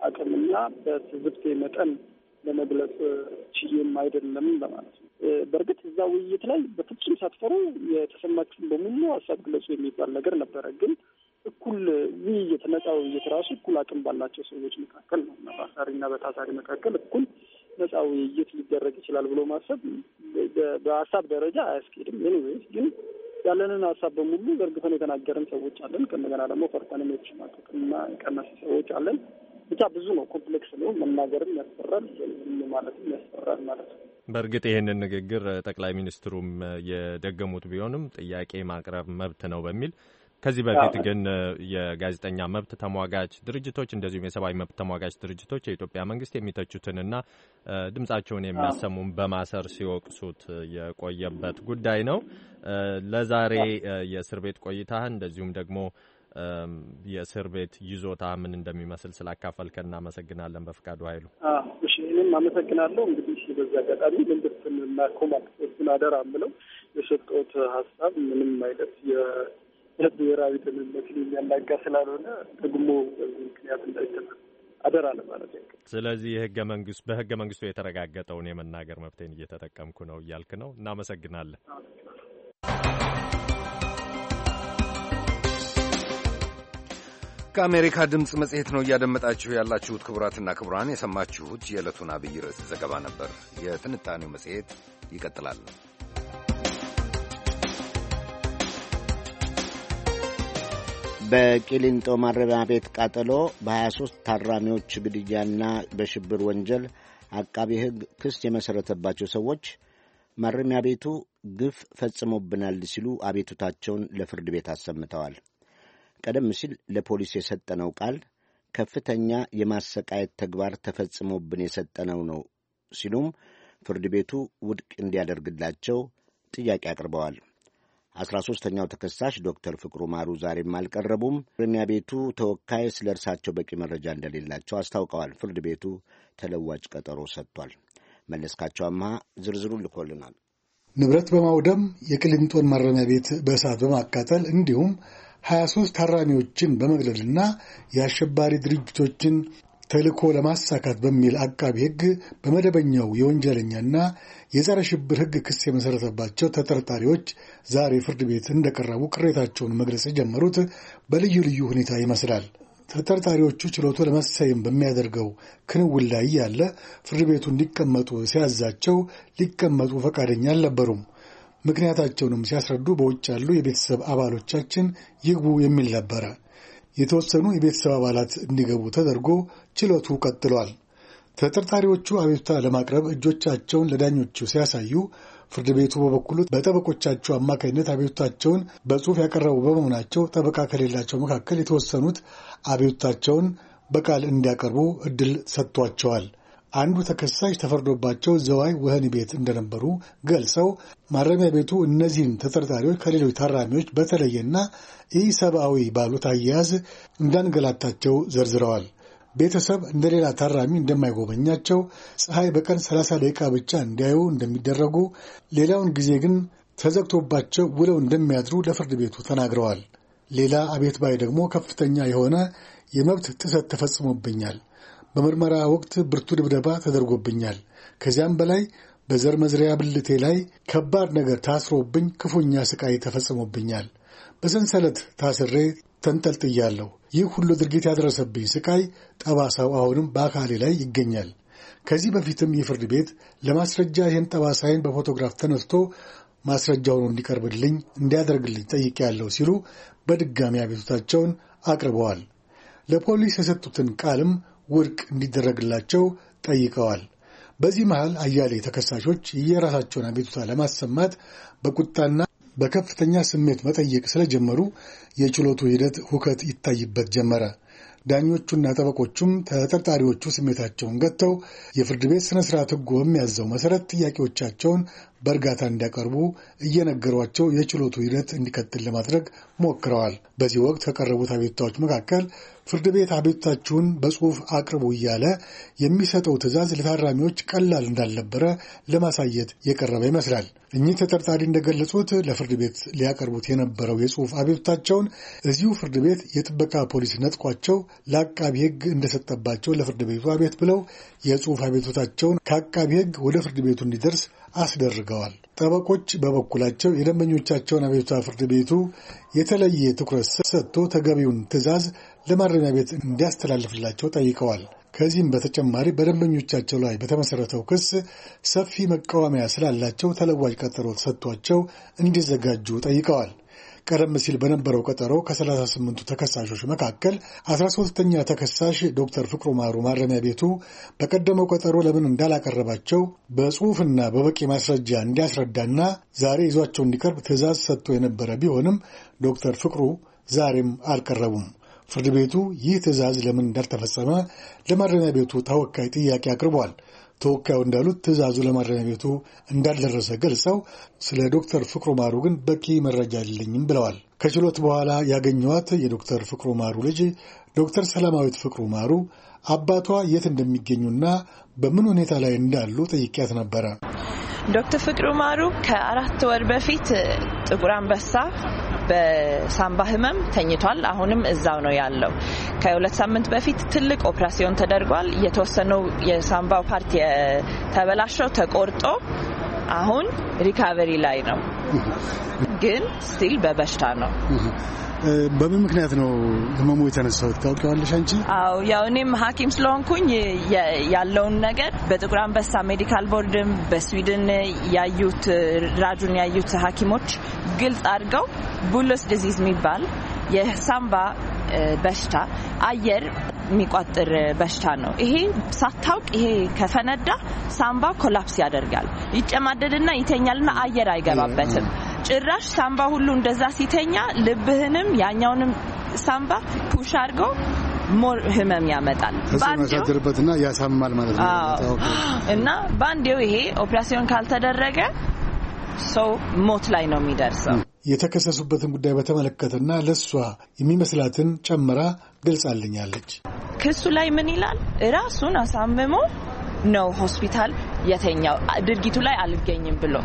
አቅምና በትዝብቴ መጠን ለመግለጽ ችዬም አይደለም ለማለት ነው። በእርግጥ እዛ ውይይት ላይ በፍጹም ሳትፈሩ የተሰማችሁን በሙሉ ሀሳብ ግለጹ የሚባል ነገር ነበረ ግን እኩል ውይይት፣ ነጻ ውይይት ራሱ እኩል አቅም ባላቸው ሰዎች መካከል ነው እና በአሳሪና በታሳሪ መካከል እኩል ነጻ ውይይት ሊደረግ ይችላል ብሎ ማሰብ በሀሳብ ደረጃ አያስኬድም። ኤኒዌይስ ግን ያለንን ሀሳብ በሙሉ ዘርግፈን የተናገርን ሰዎች አለን። ከእንደገና ደግሞ ፈርተንም ማቀቅና የቀነሰ ሰዎች አለን። ብቻ ብዙ ነው፣ ኮምፕሌክስ ነው። መናገርም ያስፈራል፣ ማለትም ያስፈራል ማለት ነው።
በእርግጥ ይህንን ንግግር ጠቅላይ ሚኒስትሩም የደገሙት ቢሆንም ጥያቄ ማቅረብ መብት ነው በሚል ከዚህ በፊት ግን የጋዜጠኛ መብት ተሟጋች ድርጅቶች እንደዚሁም የሰብአዊ መብት ተሟጋች ድርጅቶች የኢትዮጵያ መንግስት የሚተቹትንና ድምጻቸውን የሚያሰሙን በማሰር ሲወቅሱት የቆየበት ጉዳይ ነው። ለዛሬ የእስር ቤት ቆይታህ እንደዚሁም ደግሞ የእስር ቤት ይዞታ ምን እንደሚመስል ስላካፈልከን እናመሰግናለን። በፍቃዱ ኃይሉ
እሺ፣ እኔም አመሰግናለሁ። እንግዲህ በዚህ አጋጣሚ መንግስትን እና ኮማክስን አደራ የምለው ሀሳብ ምንም አይነት ሁለት ብሔራዊ ትልነት የሚያላጋ ስላልሆነ በዚህ ምክንያት እንዳይተናል አደራ ለማለት
ስለዚህ የህገ መንግስት በህገ መንግስቱ የተረጋገጠውን የመናገር መብቴን እየተጠቀምኩ ነው እያልክ ነው። እናመሰግናለን።
ከአሜሪካ ድምፅ መጽሔት ነው እያደመጣችሁ ያላችሁት። ክቡራትና ክቡራን የሰማችሁት የዕለቱን አብይ ርዕስ ዘገባ ነበር። የትንታኔው መጽሔት ይቀጥላል።
በቂሊንጦ ማረሚያ ቤት ቃጠሎ በ23 ታራሚዎች ግድያና በሽብር ወንጀል አቃቢ ሕግ ክስ የመሠረተባቸው ሰዎች ማረሚያ ቤቱ ግፍ ፈጽሞብናል ሲሉ አቤቱታቸውን ለፍርድ ቤት አሰምተዋል። ቀደም ሲል ለፖሊስ የሰጠነው ቃል ከፍተኛ የማሰቃየት ተግባር ተፈጽሞብን የሰጠነው ነው ሲሉም ፍርድ ቤቱ ውድቅ እንዲያደርግላቸው ጥያቄ አቅርበዋል። አስራ ሦስተኛው ተከሳሽ ዶክተር ፍቅሩ ማሩ ዛሬም አልቀረቡም። ማረሚያ ቤቱ ተወካይ ስለ እርሳቸው በቂ መረጃ እንደሌላቸው አስታውቀዋል። ፍርድ ቤቱ ተለዋጭ ቀጠሮ ሰጥቷል። መለስካቸው አምሃ ዝርዝሩን ልኮልናል።
ንብረት በማውደም የቅሊንጦን ማረሚያ ቤት በእሳት በማቃጠል እንዲሁም 23 ታራሚዎችን በመግደልና የአሸባሪ ድርጅቶችን ተልእኮ ለማሳካት በሚል አቃቢ ሕግ በመደበኛው የወንጀለኛና የጸረ ሽብር ሕግ ክስ የመሠረተባቸው ተጠርጣሪዎች ዛሬ ፍርድ ቤት እንደቀረቡ ቅሬታቸውን መግለጽ የጀመሩት በልዩ ልዩ ሁኔታ ይመስላል። ተጠርጣሪዎቹ ችሎቱ ለመሰየም በሚያደርገው ክንውን ላይ ያለ ፍርድ ቤቱ እንዲቀመጡ ሲያዛቸው ሊቀመጡ ፈቃደኛ አልነበሩም። ምክንያታቸውንም ሲያስረዱ በውጭ ያሉ የቤተሰብ አባሎቻችን ይግቡ የሚል ነበረ። የተወሰኑ የቤተሰብ አባላት እንዲገቡ ተደርጎ ችሎቱ ቀጥሏል። ተጠርጣሪዎቹ አቤቱታ ለማቅረብ እጆቻቸውን ለዳኞቹ ሲያሳዩ ፍርድ ቤቱ በበኩሉ በጠበቆቻቸው አማካኝነት አቤቱታቸውን በጽሑፍ ያቀረቡ በመሆናቸው ጠበቃ ከሌላቸው መካከል የተወሰኑት አቤቱታቸውን በቃል እንዲያቀርቡ እድል ሰጥቷቸዋል። አንዱ ተከሳሽ ተፈርዶባቸው ዘዋይ ወህኒ ቤት እንደነበሩ ገልጸው ማረሚያ ቤቱ እነዚህን ተጠርጣሪዎች ከሌሎች ታራሚዎች በተለየና ሰብአዊ ባሉት አያያዝ እንዳንገላታቸው ዘርዝረዋል። ቤተሰብ እንደ ሌላ ታራሚ እንደማይጎበኛቸው፣ ፀሐይ በቀን 30 ደቂቃ ብቻ እንዲያዩ እንደሚደረጉ፣ ሌላውን ጊዜ ግን ተዘግቶባቸው ውለው እንደሚያድሩ ለፍርድ ቤቱ ተናግረዋል። ሌላ አቤት ባይ ደግሞ ከፍተኛ የሆነ የመብት ጥሰት ተፈጽሞብኛል በምርመራ ወቅት ብርቱ ድብደባ ተደርጎብኛል። ከዚያም በላይ በዘር መዝሪያ ብልቴ ላይ ከባድ ነገር ታስሮብኝ ክፉኛ ስቃይ ተፈጽሞብኛል። በሰንሰለት ታስሬ ተንጠልጥያለሁ። ይህ ሁሉ ድርጊት ያደረሰብኝ ስቃይ ጠባሳው አሁንም በአካሌ ላይ ይገኛል። ከዚህ በፊትም ይህ ፍርድ ቤት ለማስረጃ ይህን ጠባሳይን በፎቶግራፍ ተነስቶ ማስረጃ ሆኖ እንዲቀርብልኝ እንዲያደርግልኝ ጠይቄያለሁ ሲሉ በድጋሚ አቤቱታቸውን አቅርበዋል። ለፖሊስ የሰጡትን ቃልም ውድቅ እንዲደረግላቸው ጠይቀዋል። በዚህ መሃል አያሌ ተከሳሾች የራሳቸውን አቤቱታ ለማሰማት በቁጣና በከፍተኛ ስሜት መጠየቅ ስለጀመሩ የችሎቱ ሂደት ሁከት ይታይበት ጀመረ። ዳኞቹና ጠበቆቹም ተጠርጣሪዎቹ ስሜታቸውን ገጥተው የፍርድ ቤት ሥነ ሥርዓት ሕጉ በሚያዘው መሰረት ጥያቄዎቻቸውን በእርጋታ እንዲያቀርቡ እየነገሯቸው የችሎቱ ሂደት እንዲቀጥል ለማድረግ ሞክረዋል። በዚህ ወቅት ከቀረቡት አቤቱታዎች መካከል ፍርድ ቤት አቤቱታችሁን በጽሑፍ አቅርቡ እያለ የሚሰጠው ትዕዛዝ ለታራሚዎች ቀላል እንዳልነበረ ለማሳየት የቀረበ ይመስላል። እኚህ ተጠርጣሪ እንደገለጹት ለፍርድ ቤት ሊያቀርቡት የነበረው የጽሑፍ አቤቱታቸውን እዚሁ ፍርድ ቤት የጥበቃ ፖሊስ ነጥቋቸው ለአቃቢ ሕግ እንደሰጠባቸው ለፍርድ ቤቱ አቤት ብለው የጽሑፍ አቤቱታቸውን ከአቃቢ ሕግ ወደ ፍርድ ቤቱ እንዲደርስ አስደርገዋል። ጠበቆች በበኩላቸው የደንበኞቻቸውን አቤቱታ ፍርድ ቤቱ የተለየ ትኩረት ሰጥቶ ተገቢውን ትዕዛዝ ለማረሚያ ቤት እንዲያስተላልፍላቸው ጠይቀዋል። ከዚህም በተጨማሪ በደንበኞቻቸው ላይ በተመሠረተው ክስ ሰፊ መቃወሚያ ስላላቸው ተለዋጭ ቀጠሮ ተሰጥቷቸው እንዲዘጋጁ ጠይቀዋል። ቀደም ሲል በነበረው ቀጠሮ ከ38ቱ ተከሳሾች መካከል 13ተኛ ተከሳሽ ዶክተር ፍቅሩ ማሩ ማረሚያ ቤቱ በቀደመው ቀጠሮ ለምን እንዳላቀረባቸው በጽሑፍና በበቂ ማስረጃ እንዲያስረዳና ዛሬ ይዟቸው እንዲቀርብ ትዕዛዝ ሰጥቶ የነበረ ቢሆንም ዶክተር ፍቅሩ ዛሬም አልቀረቡም። ፍርድ ቤቱ ይህ ትዕዛዝ ለምን እንዳልተፈጸመ ለማረሚያ ቤቱ ተወካይ ጥያቄ አቅርቧል። ተወካዩ እንዳሉት ትዕዛዙ ለማረሚያ ቤቱ እንዳልደረሰ ገልጸው ስለ ዶክተር ፍቅሩ ማሩ ግን በቂ መረጃ የለኝም ብለዋል። ከችሎት በኋላ ያገኘዋት የዶክተር ፍቅሩ ማሩ ልጅ ዶክተር ሰላማዊት ፍቅሩ ማሩ አባቷ የት እንደሚገኙና በምን ሁኔታ ላይ እንዳሉ ጠይቄያት ነበረ።
ዶክተር ፍቅሩ ማሩ ከአራት ወር በፊት ጥቁር አንበሳ በሳምባ ህመም ተኝቷል። አሁንም እዛው ነው ያለው። ከሁለት ሳምንት በፊት ትልቅ ኦፕራሲዮን ተደርጓል። የተወሰነው የሳምባው ፓርቲ ተበላሸው ተቆርጦ አሁን ሪካቨሪ ላይ ነው፣ ግን ስቲል በበሽታ ነው።
በምን ምክንያት ነው ህመሙ የተነሳው ታውቂዋለሽ አንቺ? አዎ
ያው እኔም ሐኪም ስለሆንኩኝ ያለውን ነገር በጥቁር አንበሳ ሜዲካል ቦርድም በስዊድን ያዩት ራጁን ያዩት ሐኪሞች ግልጽ አድርገው ቡሎስ ዲዚዝ የሚባል የሳምባ በሽታ አየር የሚቋጥር በሽታ ነው። ይሄ ሳታውቅ ይሄ ከፈነዳ ሳምባ ኮላፕስ ያደርጋል። ይጨማደድና ይተኛልና አየር አይገባበትም። ጭራሽ ሳምባ ሁሉ እንደዛ ሲተኛ ልብህንም ያኛውንም ሳምባ ፑሽ አድርጎ ሞር ህመም ያመጣል
ያሳድርበትና ያሳማል ማለት ነው።
እና በአንዴው ይሄ ኦፕሬሽን ካልተደረገ ሰው ሞት ላይ ነው የሚደርሰው።
የተከሰሱበትን ጉዳይ በተመለከተና ለእሷ የሚመስላትን ጨምራ ገልጻልኛለች።
ክሱ ላይ ምን ይላል? ራሱን አሳምሞ ነው ሆስፒታል የተኛው ድርጊቱ ላይ አልገኝም ብሎ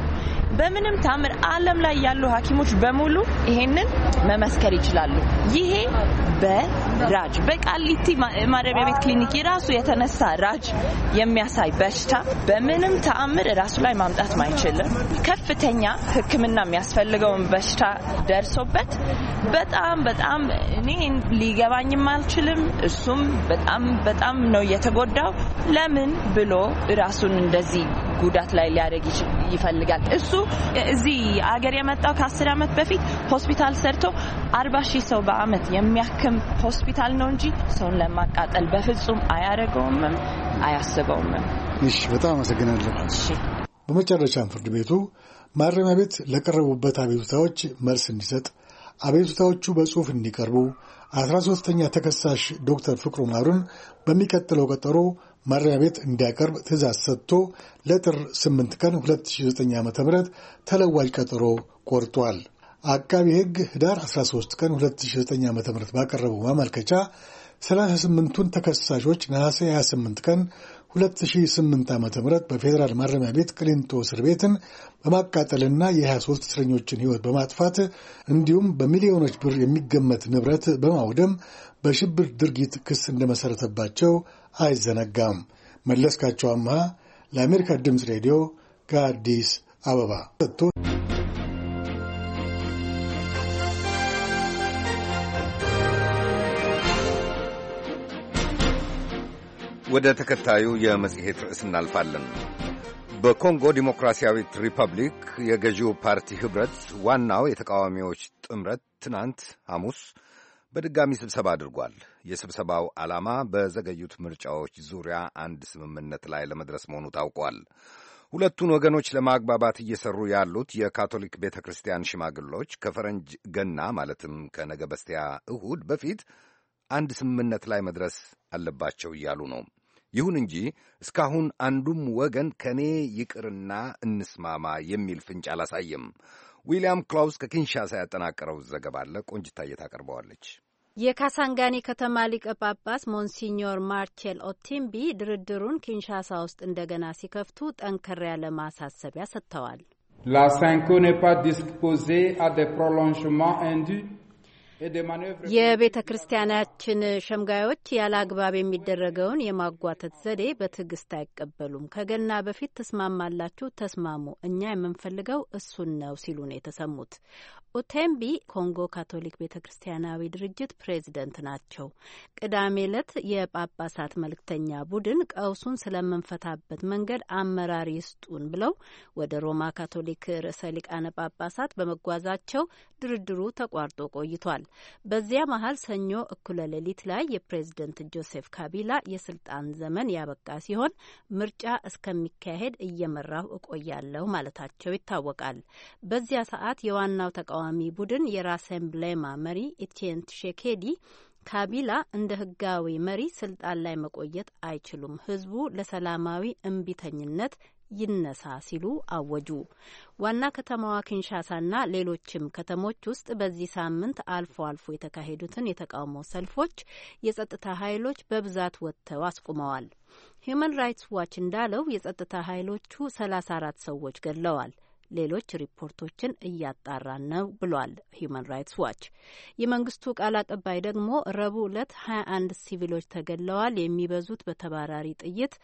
በምንም ታምር ዓለም ላይ ያሉ ሐኪሞች በሙሉ ይሄንን መመስከር ይችላሉ። ይሄ በራጅ በቃሊቲ ማረሚያ ቤት ክሊኒክ የራሱ የተነሳ ራጅ የሚያሳይ በሽታ በምንም ተአምር ራሱ ላይ ማምጣት አይችልም። ከፍተኛ ሕክምና የሚያስፈልገውን በሽታ ደርሶበት በጣም በጣም እኔ ሊገባኝም አልችልም። እሱም በጣም በጣም ነው የተጎዳው። ለምን ብሎ ራሱን እንደ እንደዚህ ጉዳት ላይ ሊያደርግ ይፈልጋል። እሱ እዚህ አገር የመጣው ከአስር ዓመት በፊት ሆስፒታል ሰርቶ አርባ ሺህ ሰው በአመት የሚያክም ሆስፒታል ነው እንጂ ሰውን ለማቃጠል በፍጹም አያደርገውምም አያስበውምም።
እሺ፣ በጣም አመሰግናለሁ። እሺ፣ በመጨረሻም ፍርድ ቤቱ ማረሚያ ቤት ለቀረቡበት አቤቱታዎች መልስ እንዲሰጥ አቤቱታዎቹ በጽሑፍ እንዲቀርቡ አስራ ሦስተኛ ተከሳሽ ዶክተር ፍቅሩ ማሩን በሚቀጥለው ቀጠሮ ማረሚያ ቤት እንዲያቀርብ ትእዛዝ ሰጥቶ ለጥር 8 ቀን 2009 ዓ ም ተለዋጅ ቀጠሮ ቆርጧል። አቃቢ ሕግ ህዳር 13 ቀን 2009 ዓ ም ባቀረበው ማመልከቻ 38ቱን ተከሳሾች ነሐሴ 28 ቀን 2008 ዓ ም በፌዴራል ማረሚያ ቤት ቅሊንጦ እስር ቤትን በማቃጠልና የ23 እስረኞችን ሕይወት በማጥፋት እንዲሁም በሚሊዮኖች ብር የሚገመት ንብረት በማውደም በሽብር ድርጊት ክስ እንደመሠረተባቸው አይዘነጋም። መለስካቸው አምሃ ለአሜሪካ ድምፅ ሬዲዮ ከአዲስ አበባ ሰጥቶ
ወደ ተከታዩ የመጽሔት ርዕስ እናልፋለን። በኮንጎ ዲሞክራሲያዊት ሪፐብሊክ የገዢው ፓርቲ ኅብረት ዋናው የተቃዋሚዎች ጥምረት ትናንት ሐሙስ በድጋሚ ስብሰባ አድርጓል። የስብሰባው ዓላማ በዘገዩት ምርጫዎች ዙሪያ አንድ ስምምነት ላይ ለመድረስ መሆኑ ታውቋል። ሁለቱን ወገኖች ለማግባባት እየሰሩ ያሉት የካቶሊክ ቤተ ክርስቲያን ሽማግሎች ከፈረንጅ ገና ማለትም ከነገ በስቲያ እሁድ በፊት አንድ ስምምነት ላይ መድረስ አለባቸው እያሉ ነው። ይሁን እንጂ እስካሁን አንዱም ወገን ከእኔ ይቅርና እንስማማ የሚል ፍንጭ አላሳየም። ዊልያም ክላውስ ከኪንሻሳ ያጠናቀረው ዘገባ አለ። ቆንጅታዬ ታቀርበዋለች።
የካሳንጋኒ ከተማ ሊቀ ጳጳስ ሞንሲኞር ማርቼል ኦቲምቢ ድርድሩን ኪንሻሳ ውስጥ እንደገና ሲከፍቱ ጠንከር ያለ ማሳሰቢያ ሰጥተዋል። የቤተ ክርስቲያናችን ሸምጋዮች ያለ አግባብ የሚደረገውን የማጓተት ዘዴ በትዕግስት አይቀበሉም። ከገና በፊት ተስማማላችሁ፣ ተስማሙ። እኛ የምንፈልገው እሱን ነው ሲሉ ነው የተሰሙት። ኦቴምቢ ኮንጎ ካቶሊክ ቤተ ክርስቲያናዊ ድርጅት ፕሬዚደንት ናቸው። ቅዳሜ ዕለት የጳጳሳት መልእክተኛ ቡድን ቀውሱን ስለምንፈታበት መንገድ አመራር ይስጡን ብለው ወደ ሮማ ካቶሊክ ርዕሰ ሊቃነ ጳጳሳት በመጓዛቸው ድርድሩ ተቋርጦ ቆይቷል። በዚያ መሀል ሰኞ እኩለ ሌሊት ላይ የፕሬዝደንት ጆሴፍ ካቢላ የስልጣን ዘመን ያበቃ ሲሆን ምርጫ እስከሚካሄድ እየመራሁ እቆያለሁ ማለታቸው ይታወቃል። በዚያ ሰዓት የዋናው ተቃዋሚ ተቃዋሚ ቡድን የራስ ኤምብሌማ መሪ ኢቲየን ሼኬዲ ካቢላ እንደ ህጋዊ መሪ ስልጣን ላይ መቆየት አይችሉም፣ ህዝቡ ለሰላማዊ እምቢተኝነት ይነሳ ሲሉ አወጁ። ዋና ከተማዋ ኪንሻሳና ሌሎችም ከተሞች ውስጥ በዚህ ሳምንት አልፎ አልፎ የተካሄዱትን የተቃውሞ ሰልፎች የጸጥታ ኃይሎች በብዛት ወጥተው አስቁመዋል። ሂዩማን ራይትስ ዋች እንዳለው የጸጥታ ኃይሎቹ ሰላሳ አራት ሰዎች ገድለዋል። ሌሎች ሪፖርቶችን እያጣራ ነው ብሏል ሂዩማን ራይትስ ዋች። የመንግስቱ ቃል አቀባይ ደግሞ ረቡዕ ዕለት 21 ሲቪሎች ተገድለዋል፣ የሚበዙት በተባራሪ ጥይት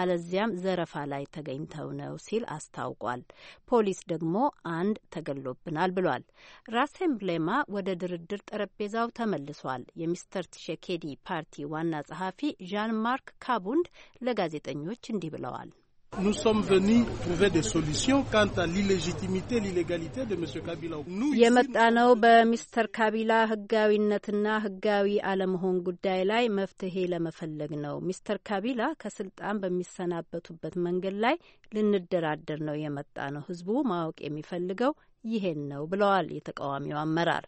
አለዚያም ዘረፋ ላይ ተገኝተው ነው ሲል አስታውቋል። ፖሊስ ደግሞ አንድ ተገድሎብናል ብሏል። ራሴም ብሌማ ወደ ድርድር ጠረጴዛው ተመልሷል። የሚስተር ቲሸኬዲ ፓርቲ ዋና ጸሐፊ ዣን ማርክ ካቡንድ ለጋዜጠኞች
እንዲህ ብለዋል። Nous sommes venus trouver des solutions quant à l'illégitimité, l'illégalité de M. Kabila.
የመጣነው በሚስተር ካቢላ ህጋዊነትና ህጋዊ አለመሆን ጉዳይ ላይ መፍትሄ ለመፈለግ ነው። ሚስተር ካቢላ ከስልጣን በሚሰናበቱበት መንገድ ላይ ልንደራደር ነው የመጣ ነው። ህዝቡ ማወቅ የሚፈልገው ይሄን ነው ብለዋል የተቃዋሚው አመራር።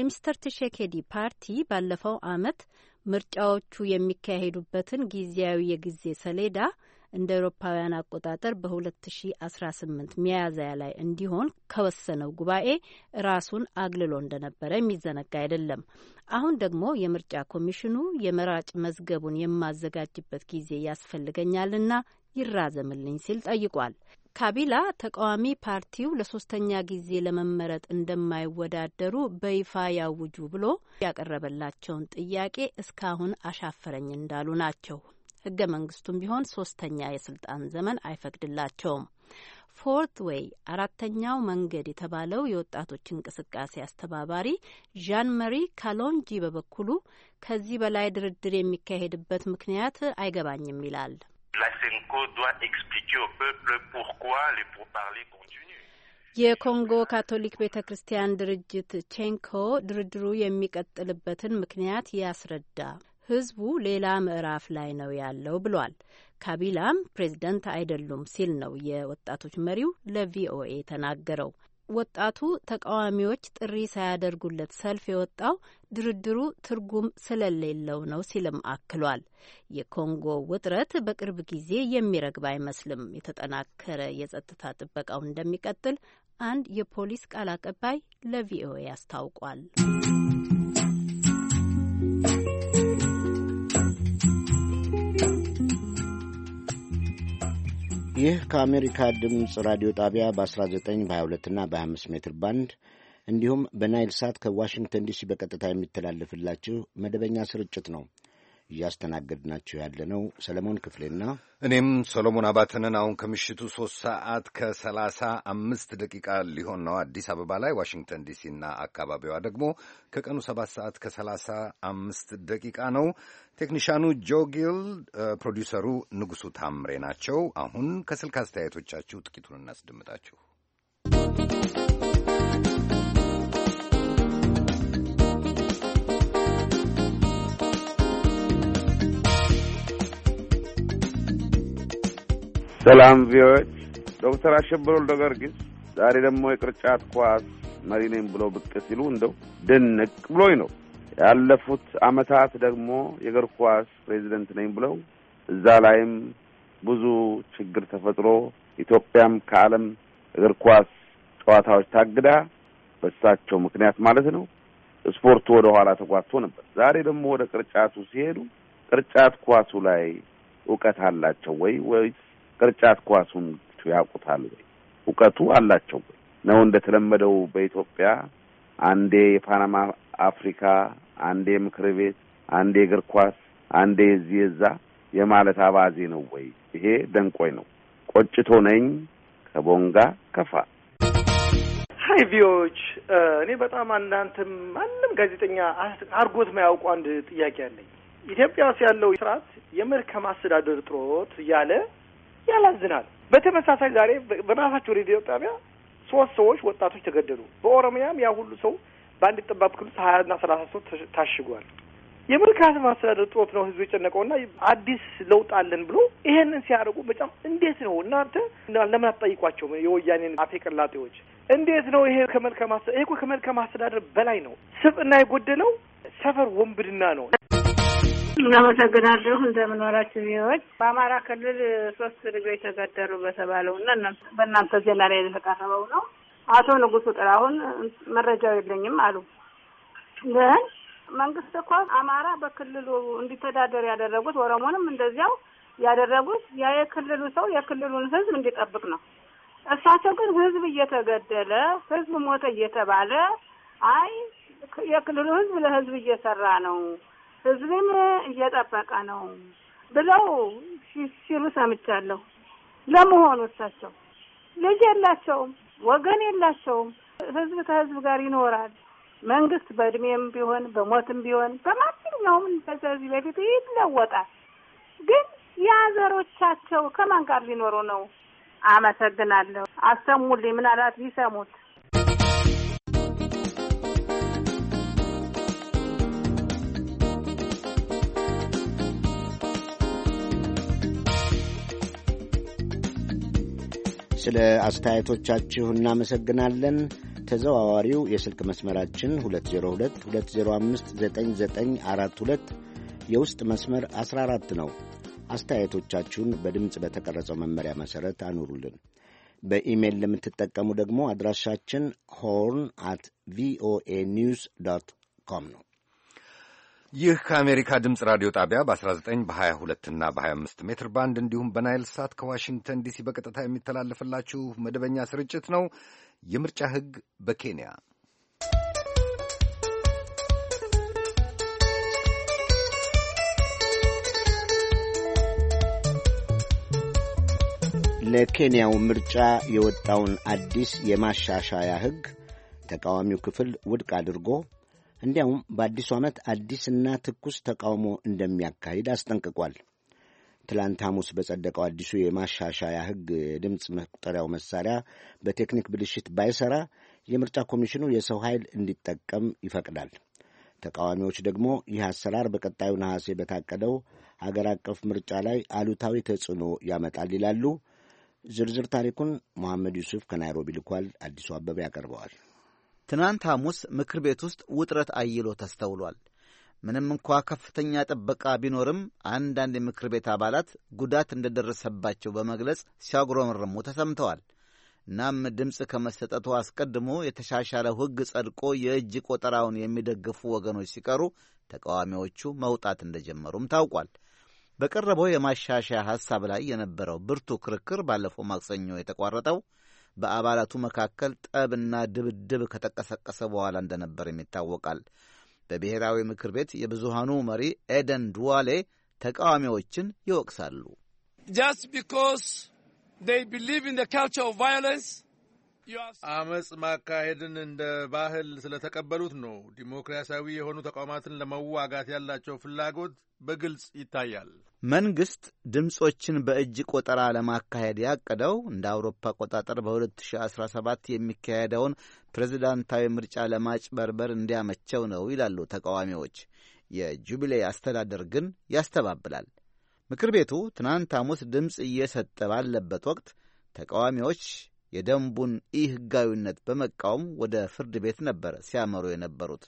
የሚስተር ትሸኬዲ ፓርቲ ባለፈው አመት ምርጫዎቹ የሚካሄዱበትን ጊዜያዊ የጊዜ ሰሌዳ እንደ ኤሮፓውያን አቆጣጠር በ2018 ሚያዝያ ላይ እንዲሆን ከወሰነው ጉባኤ ራሱን አግልሎ እንደነበረ የሚዘነጋ አይደለም። አሁን ደግሞ የምርጫ ኮሚሽኑ የመራጭ መዝገቡን የማዘጋጅበት ጊዜ ያስፈልገኛልና ይራዘምልኝ ሲል ጠይቋል። ካቢላ ተቃዋሚ ፓርቲው ለሶስተኛ ጊዜ ለመመረጥ እንደማይወዳደሩ በይፋ ያውጁ ብሎ ያቀረበላቸውን ጥያቄ እስካሁን አሻፈረኝ እንዳሉ ናቸው። ህገ መንግስቱም ቢሆን ሶስተኛ የስልጣን ዘመን አይፈቅድላቸውም። ፎርት ዌይ አራተኛው መንገድ የተባለው የወጣቶች እንቅስቃሴ አስተባባሪ ዣን መሪ ካሎንጂ በበኩሉ ከዚህ በላይ ድርድር የሚካሄድበት ምክንያት አይገባኝም ይላል። የኮንጎ ካቶሊክ ቤተ ክርስቲያን ድርጅት ቼንኮ ድርድሩ የሚቀጥልበትን ምክንያት ያስረዳ ህዝቡ ሌላ ምዕራፍ ላይ ነው ያለው ብሏል። ካቢላም ፕሬዝደንት አይደሉም ሲል ነው የወጣቶች መሪው ለቪኦኤ ተናገረው። ወጣቱ ተቃዋሚዎች ጥሪ ሳያደርጉለት ሰልፍ የወጣው ድርድሩ ትርጉም ስለሌለው ነው ሲልም አክሏል። የኮንጎ ውጥረት በቅርብ ጊዜ የሚረግብ አይመስልም። የተጠናከረ የጸጥታ ጥበቃው እንደሚቀጥል አንድ የፖሊስ ቃል አቀባይ ለቪኦኤ አስታውቋል።
ይህ ከአሜሪካ ድምፅ ራዲዮ ጣቢያ በ19 በ22ና በ25 ሜትር ባንድ እንዲሁም በናይል ሳት ከዋሽንግተን ዲሲ በቀጥታ የሚተላለፍላችሁ መደበኛ ስርጭት ነው። እያስተናገድናችሁ ነው ሰለሞን ክፍሌና
እኔም ሰሎሞን አባተንን። አሁን ከምሽቱ ሶስት ሰዓት ከሰላሳ አምስት ደቂቃ ሊሆን ነው አዲስ አበባ ላይ። ዋሽንግተን ዲሲና አካባቢዋ ደግሞ ከቀኑ ሰባት ሰዓት ከሰላሳ አምስት ደቂቃ ነው። ቴክኒሻኑ ጆጊል፣ ፕሮዲውሰሩ ንጉሱ ታምሬ ናቸው። አሁን ከስልክ አስተያየቶቻችሁ ጥቂቱን እናስደምጣችሁ።
ሰላም ቪዎች ዶክተር አሸብር ወልደ ጊዮርጊስ ዛሬ ደግሞ የቅርጫት ኳስ መሪ ነኝ ብለው ብቅ ሲሉ እንደው ድንቅ ብሎኝ ነው። ያለፉት አመታት ደግሞ የእግር ኳስ ፕሬዚደንት ነኝ ብለው እዛ ላይም ብዙ ችግር ተፈጥሮ ኢትዮጵያም ከዓለም እግር ኳስ ጨዋታዎች ታግዳ በሳቸው ምክንያት ማለት ነው ስፖርቱ ወደ ኋላ ተጓቶ ነበር። ዛሬ ደግሞ ወደ ቅርጫቱ ሲሄዱ ቅርጫት ኳሱ ላይ እውቀት አላቸው ወይ ወይስ ቅርጫት ኳሱን ያውቁታል ወይ? እውቀቱ አላቸው ወይ? ነው እንደተለመደው በኢትዮጵያ አንዴ የፓናማ አፍሪካ፣ አንዴ ምክር ቤት፣ አንዴ እግር ኳስ፣ አንዴ እዚህ እዛ የማለት አባዜ ነው ወይ? ይሄ ደንቆይ ነው። ቆጭቶ ነኝ ከቦንጋ ከፋ
ሀይ ቪዎች እኔ በጣም እናንተም ማንም ጋዜጠኛ አርጎት ማያውቁ አንድ ጥያቄ አለኝ። ኢትዮጵያ ውስጥ ያለው ስርዓት የመልካም አስተዳደር ጥሮት እያለ ያላዝናል። በተመሳሳይ ዛሬ በራሳቸው ሬዲዮ ጣቢያ ሶስት ሰዎች ወጣቶች ተገደሉ። በኦሮሚያም ያ ሁሉ ሰው በአንድ ጠባብ ክልል ሀያ እና ሰላሳ ሰው ታሽጓል። የመልካም ማስተዳደር ጦት ነው ህዝቡ የጨነቀውና አዲስ ለውጥ አለን ብሎ ይሄንን ሲያደርጉ በጣም እንዴት ነው እናንተ ለምን አትጠይቋቸው? የወያኔን አፌ ቀላጤዎች እንዴት ነው ይሄ ከመልካም አስተዳደር ይሄ እኮ ከመልካም በላይ ነው። ስብዕና የጎደለው ሰፈር ወንብድና
ነው። እናመሰግናለሁ። እንደምን ዋላችሁ ዜዎች። በአማራ ክልል ሶስት ልጆች ተገደሉ በተባለው እና በእናንተ ዜና ላይ የተቀረበው ነው። አቶ ንጉሱ ጥላሁን መረጃው የለኝም አሉ። ግን መንግስት እኮ አማራ በክልሉ እንዲተዳደር ያደረጉት ኦሮሞንም እንደዚያው ያደረጉት ያ የክልሉ ሰው የክልሉን ህዝብ እንዲጠብቅ ነው። እሳቸው ግን ህዝብ እየተገደለ ህዝብ ሞተ እየተባለ አይ የክልሉ ህዝብ ለህዝብ እየሰራ ነው ህዝብን እየጠበቀ ነው ብለው ሲሉ ሰምቻለሁ። ለመሆኑ እሳቸው ልጅ የላቸውም፣ ወገን የላቸውም። ህዝብ ከህዝብ ጋር ይኖራል። መንግስት በእድሜም ቢሆን በሞትም ቢሆን በማንኛውም በዚህ በፊት ይለወጣል። ግን የአዘሮቻቸው ከማን ጋር ሊኖሩ ነው? አመሰግናለሁ። አሰሙልኝ። ምናልባት ቢሰሙት
ስለ አስተያየቶቻችሁ እናመሰግናለን። ተዘዋዋሪው የስልክ መስመራችን 2022059942 የውስጥ መስመር 14 ነው። አስተያየቶቻችሁን በድምፅ በተቀረጸው መመሪያ መሠረት አኑሩልን። በኢሜይል ለምትጠቀሙ ደግሞ አድራሻችን ሆርን አት ቪኦኤ ኒውስ ዶት ኮም ነው።
ይህ ከአሜሪካ ድምፅ ራዲዮ ጣቢያ በ19 በ22 እና በ25 ሜትር ባንድ እንዲሁም በናይል ሳት ከዋሽንግተን ዲሲ በቀጥታ የሚተላለፍላችሁ መደበኛ ስርጭት ነው። የምርጫ ሕግ በኬንያ
ለኬንያው ምርጫ የወጣውን አዲስ የማሻሻያ ሕግ ተቃዋሚው ክፍል ውድቅ አድርጎ እንዲያውም በአዲሱ ዓመት አዲስና ትኩስ ተቃውሞ እንደሚያካሂድ አስጠንቅቋል። ትላንት ሐሙስ በጸደቀው አዲሱ የማሻሻያ ሕግ የድምፅ መቁጠሪያው መሳሪያ በቴክኒክ ብልሽት ባይሰራ የምርጫ ኮሚሽኑ የሰው ኃይል እንዲጠቀም ይፈቅዳል። ተቃዋሚዎች ደግሞ ይህ አሰራር በቀጣዩ ነሐሴ በታቀደው አገር አቀፍ ምርጫ ላይ አሉታዊ ተጽዕኖ ያመጣል ይላሉ። ዝርዝር ታሪኩን መሐመድ ዩሱፍ ከናይሮቢ ልኳል። አዲሱ አበበ ያቀርበዋል። ትናንት ሐሙስ ምክር ቤት ውስጥ ውጥረት አይሎ ተስተውሏል። ምንም እንኳ
ከፍተኛ ጥበቃ ቢኖርም አንዳንድ የምክር ቤት አባላት ጉዳት እንደደረሰባቸው በመግለጽ ሲያጉረመርሙ ተሰምተዋል። እናም ድምፅ ከመሰጠቱ አስቀድሞ የተሻሻለው ሕግ ጸድቆ የእጅ ቆጠራውን የሚደግፉ ወገኖች ሲቀሩ ተቃዋሚዎቹ መውጣት እንደጀመሩም ታውቋል። በቀረበው የማሻሻያ ሐሳብ ላይ የነበረው ብርቱ ክርክር ባለፈው ማክሰኞ የተቋረጠው በአባላቱ መካከል ጠብና ድብድብ ከተቀሰቀሰ በኋላ እንደነበርም ይታወቃል። በብሔራዊ ምክር ቤት የብዙሃኑ መሪ ኤደን ድዋሌ ተቃዋሚዎችን ይወቅሳሉ።
አመፅ ማካሄድን እንደ ባህል ስለተቀበሉት ነው ዲሞክራሲያዊ የሆኑ ተቋማትን ለመዋጋት ያላቸው ፍላጎት በግልጽ ይታያል።
መንግሥት ድምፆችን በእጅ ቆጠራ ለማካሄድ ያቀደው እንደ አውሮፓ አቆጣጠር በ2017 የሚካሄደውን ፕሬዝዳንታዊ ምርጫ ለማጭበርበር እንዲያመቸው ነው ይላሉ ተቃዋሚዎች። የጁቢሌ አስተዳደር ግን ያስተባብላል። ምክር ቤቱ ትናንት ሐሙስ ድምፅ እየሰጠ ባለበት ወቅት ተቃዋሚዎች የደንቡን ኢ ሕጋዊነት በመቃወም ወደ ፍርድ ቤት ነበር ሲያመሩ የነበሩት።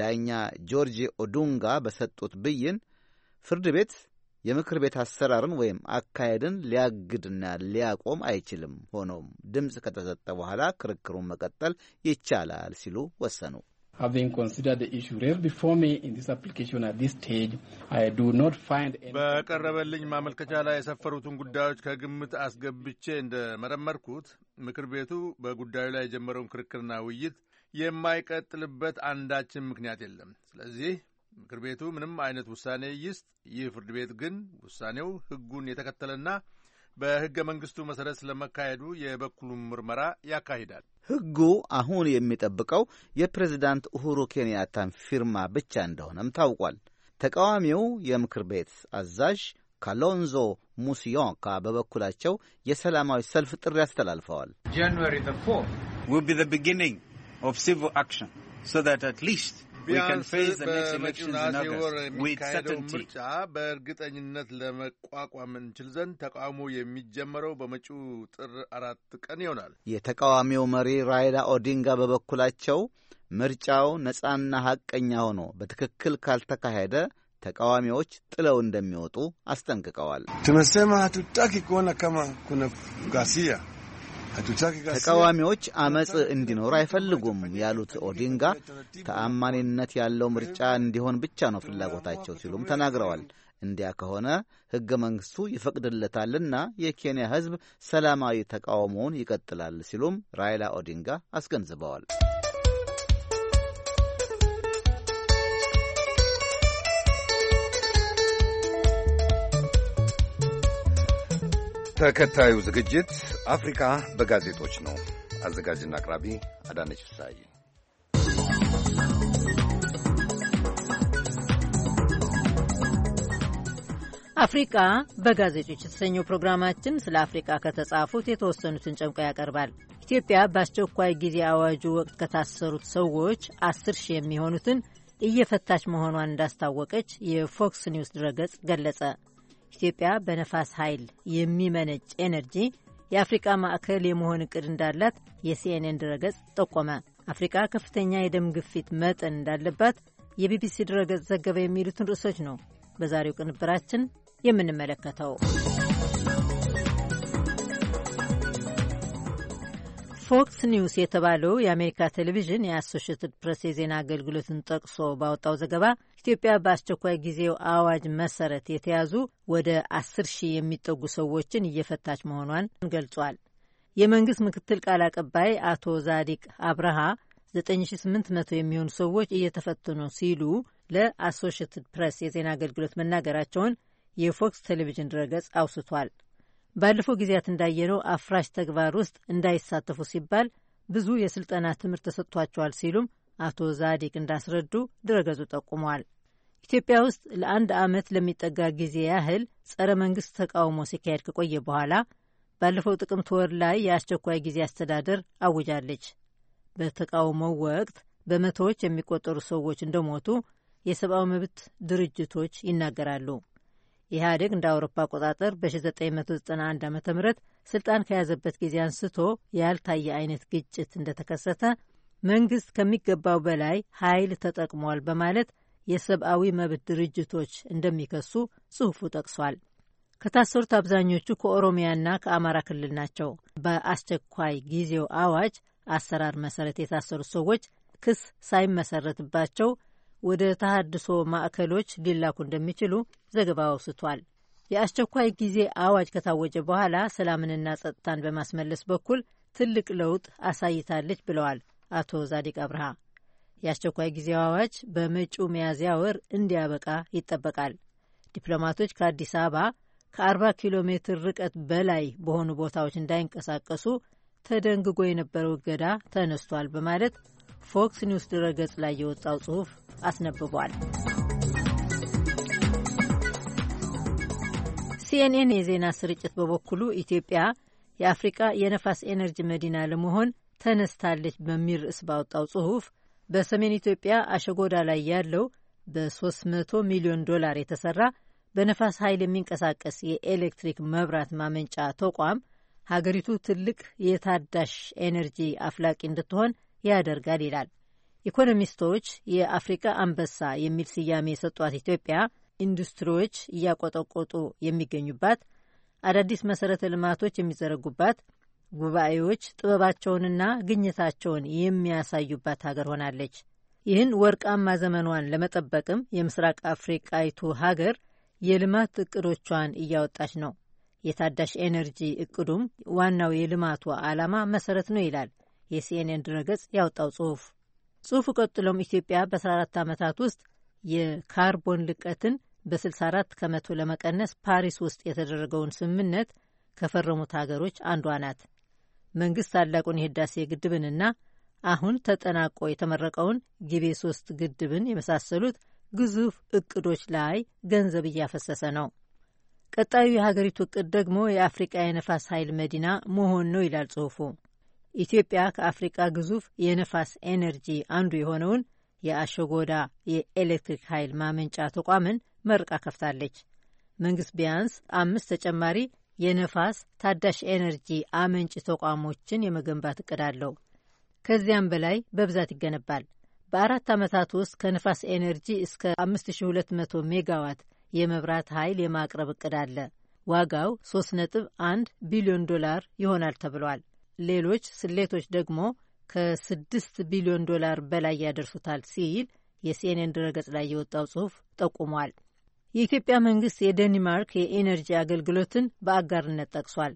ዳኛ ጆርጂ ኦዱንጋ በሰጡት ብይን ፍርድ ቤት የምክር ቤት አሰራርን ወይም አካሄድን ሊያግድና ሊያቆም አይችልም። ሆኖም ድምፅ ከተሰጠ በኋላ ክርክሩን መቀጠል
ይቻላል ሲሉ ወሰኑ። በቀረበልኝ ማመልከቻ ላይ የሰፈሩትን ጉዳዮች ከግምት አስገብቼ እንደመረመርኩት ምክር ቤቱ በጉዳዩ ላይ የጀመረውን ክርክርና ውይይት የማይቀጥልበት አንዳችን ምክንያት የለም። ስለዚህ ምክር ቤቱ ምንም አይነት ውሳኔ ይስጥ፣ ይህ ፍርድ ቤት ግን ውሳኔው ሕጉን የተከተለና በሕገ መንግሥቱ መሠረት ስለመካሄዱ የበኩሉን ምርመራ ያካሂዳል።
ሕጉ አሁን የሚጠብቀው የፕሬዝዳንት ኡሁሩ ኬንያታን ፊርማ ብቻ እንደሆነም ታውቋል። ተቃዋሚው የምክር ቤት አዛዥ ካሎንዞ ሙስዮካ በበኩላቸው የሰላማዊ ሰልፍ ጥሪ አስተላልፈዋል።
ጃንዋሪ የሚካሄደው
ምርጫ በእርግጠኝነት ለመቋቋም እንችል ዘንድ ተቃውሞ የሚጀመረው በመጪው ጥር አራት ቀን ይሆናል።
የተቃዋሚው መሪ ራይላ ኦዲንጋ በበኩላቸው ምርጫው ነጻና ሐቀኛ ሆኖ በትክክል ካልተካሄደ ተቃዋሚዎች ጥለው እንደሚወጡ አስጠንቅቀዋል።
ትመሰማ ቱታኪ ከሆነ ከማ ኩነ ጋሲያ ተቃዋሚዎች
አመፅ እንዲኖር አይፈልጉም ያሉት ኦዲንጋ ተአማኒነት ያለው ምርጫ እንዲሆን ብቻ ነው ፍላጎታቸው ሲሉም ተናግረዋል። እንዲያ ከሆነ ሕገ መንግሥቱ ይፈቅድለታልና የኬንያ ሕዝብ ሰላማዊ ተቃውሞውን ይቀጥላል ሲሉም ራይላ ኦዲንጋ አስገንዝበዋል።
ተከታዩ ዝግጅት አፍሪካ በጋዜጦች ነው። አዘጋጅና አቅራቢ አዳነች ፍሳይ።
አፍሪቃ በጋዜጦች የተሰኘው ፕሮግራማችን ስለ አፍሪቃ ከተጻፉት የተወሰኑትን ጨምቆ ያቀርባል። ኢትዮጵያ በአስቸኳይ ጊዜ አዋጁ ወቅት ከታሰሩት ሰዎች አስር ሺህ የሚሆኑትን እየፈታች መሆኗን እንዳስታወቀች የፎክስ ኒውስ ድረገጽ ገለጸ። ኢትዮጵያ በነፋስ ኃይል የሚመነጭ ኤነርጂ የአፍሪቃ ማዕከል የመሆን እቅድ እንዳላት የሲኤንኤን ድረገጽ ጠቆመ። አፍሪቃ ከፍተኛ የደም ግፊት መጠን እንዳለባት የቢቢሲ ድረገጽ ዘገበ። የሚሉትን ርዕሶች ነው በዛሬው ቅንብራችን የምንመለከተው። ፎክስ ኒውስ የተባለው የአሜሪካ ቴሌቪዥን የአሶሽትድ ፕሬስ የዜና አገልግሎትን ጠቅሶ ባወጣው ዘገባ ኢትዮጵያ በአስቸኳይ ጊዜው አዋጅ መሰረት የተያዙ ወደ አስር ሺህ የሚጠጉ ሰዎችን እየፈታች መሆኗን ገልጿል። የመንግስት ምክትል ቃል አቀባይ አቶ ዛዲቅ አብርሃ 9800 የሚሆኑ ሰዎች እየተፈቱ ነው ሲሉ ለአሶሽትድ ፕሬስ የዜና አገልግሎት መናገራቸውን የፎክስ ቴሌቪዥን ድረገጽ አውስቷል። ባለፈው ጊዜያት እንዳየነው አፍራሽ ተግባር ውስጥ እንዳይሳተፉ ሲባል ብዙ የስልጠና ትምህርት ተሰጥቷቸዋል ሲሉም አቶ ዛዲቅ እንዳስረዱ ድረገጹ ጠቁመዋል። ኢትዮጵያ ውስጥ ለአንድ ዓመት ለሚጠጋ ጊዜ ያህል ጸረ መንግስት ተቃውሞ ሲካሄድ ከቆየ በኋላ ባለፈው ጥቅምት ወር ላይ የአስቸኳይ ጊዜ አስተዳደር አውጃለች። በተቃውሞው ወቅት በመቶዎች የሚቆጠሩ ሰዎች እንደሞቱ የሰብአዊ መብት ድርጅቶች ይናገራሉ። ኢህአዴግ እንደ አውሮፓ አቆጣጠር በ1991 ዓ ም ስልጣን ከያዘበት ጊዜ አንስቶ ያልታየ አይነት ግጭት እንደተከሰተ፣ መንግስት ከሚገባው በላይ ኃይል ተጠቅሟል በማለት የሰብአዊ መብት ድርጅቶች እንደሚከሱ ጽሑፉ ጠቅሷል። ከታሰሩት አብዛኞቹ ከኦሮሚያና ከአማራ ክልል ናቸው። በአስቸኳይ ጊዜው አዋጅ አሰራር መሰረት የታሰሩት ሰዎች ክስ ሳይመሰረትባቸው ወደ ተሃድሶ ማዕከሎች ሊላኩ እንደሚችሉ ዘገባ አውስቷል። የአስቸኳይ ጊዜ አዋጅ ከታወጀ በኋላ ሰላምንና ጸጥታን በማስመለስ በኩል ትልቅ ለውጥ አሳይታለች ብለዋል አቶ ዛዲቅ አብርሃ። የአስቸኳይ ጊዜ አዋጅ በመጪው ሚያዝያ ወር እንዲያበቃ ይጠበቃል። ዲፕሎማቶች ከአዲስ አበባ ከ40 ኪሎ ሜትር ርቀት በላይ በሆኑ ቦታዎች እንዳይንቀሳቀሱ ተደንግጎ የነበረው እገዳ ተነስቷል በማለት ፎክስ ኒውስ ድረገጽ ላይ የወጣው ጽሑፍ አስነብቧል። ሲኤንኤን የዜና ስርጭት በበኩሉ ኢትዮጵያ የአፍሪቃ የነፋስ ኤነርጂ መዲና ለመሆን ተነስታለች በሚል ርዕስ ባወጣው ጽሑፍ በሰሜን ኢትዮጵያ አሸጎዳ ላይ ያለው በ300 ሚሊዮን ዶላር የተሰራ በነፋስ ኃይል የሚንቀሳቀስ የኤሌክትሪክ መብራት ማመንጫ ተቋም ሀገሪቱ ትልቅ የታዳሽ ኤነርጂ አፍላቂ እንድትሆን ያደርጋል ይላል። ኢኮኖሚስቶች የአፍሪካ አንበሳ የሚል ስያሜ የሰጧት ኢትዮጵያ ኢንዱስትሪዎች እያቆጠቆጡ የሚገኙባት፣ አዳዲስ መሰረተ ልማቶች የሚዘረጉባት፣ ጉባኤዎች ጥበባቸውንና ግኝታቸውን የሚያሳዩባት ሀገር ሆናለች። ይህን ወርቃማ ዘመኗን ለመጠበቅም የምስራቅ አፍሪቃይቱ ሀገር የልማት እቅዶቿን እያወጣች ነው። የታዳሽ ኤነርጂ እቅዱም ዋናው የልማቱ ዓላማ መሰረት ነው ይላል የሲኤንኤን ድረገጽ ያወጣው ጽሁፍ። ጽሁፉ ቀጥሎም ኢትዮጵያ በ14 ዓመታት ውስጥ የካርቦን ልቀትን በ64 ከመቶ ለመቀነስ ፓሪስ ውስጥ የተደረገውን ስምምነት ከፈረሙት ሀገሮች አንዷ ናት። መንግስት ታላቁን የህዳሴ ግድብንና አሁን ተጠናቆ የተመረቀውን ጊቤ ሶስት ግድብን የመሳሰሉት ግዙፍ እቅዶች ላይ ገንዘብ እያፈሰሰ ነው። ቀጣዩ የሀገሪቱ እቅድ ደግሞ የአፍሪቃ የነፋስ ኃይል መዲና መሆን ነው ይላል ጽሁፉ። ኢትዮጵያ ከአፍሪቃ ግዙፍ የነፋስ ኤነርጂ አንዱ የሆነውን የአሸጎዳ የኤሌክትሪክ ኃይል ማመንጫ ተቋምን መርቃ ከፍታለች። መንግስት ቢያንስ አምስት ተጨማሪ የነፋስ ታዳሽ ኤነርጂ አመንጭ ተቋሞችን የመገንባት እቅድ አለው። ከዚያም በላይ በብዛት ይገነባል። በአራት ዓመታት ውስጥ ከነፋስ ኤነርጂ እስከ 5200 ሜጋዋት የመብራት ኃይል የማቅረብ እቅድ አለ። ዋጋው 3.1 ቢሊዮን ዶላር ይሆናል ተብሏል። ሌሎች ስሌቶች ደግሞ ከ6 ቢሊዮን ዶላር በላይ ያደርሱታል ሲል የሲኤንኤን ድረገጽ ላይ የወጣው ጽሑፍ ጠቁሟል። የኢትዮጵያ መንግስት የዴንማርክ የኤነርጂ አገልግሎትን በአጋርነት ጠቅሷል።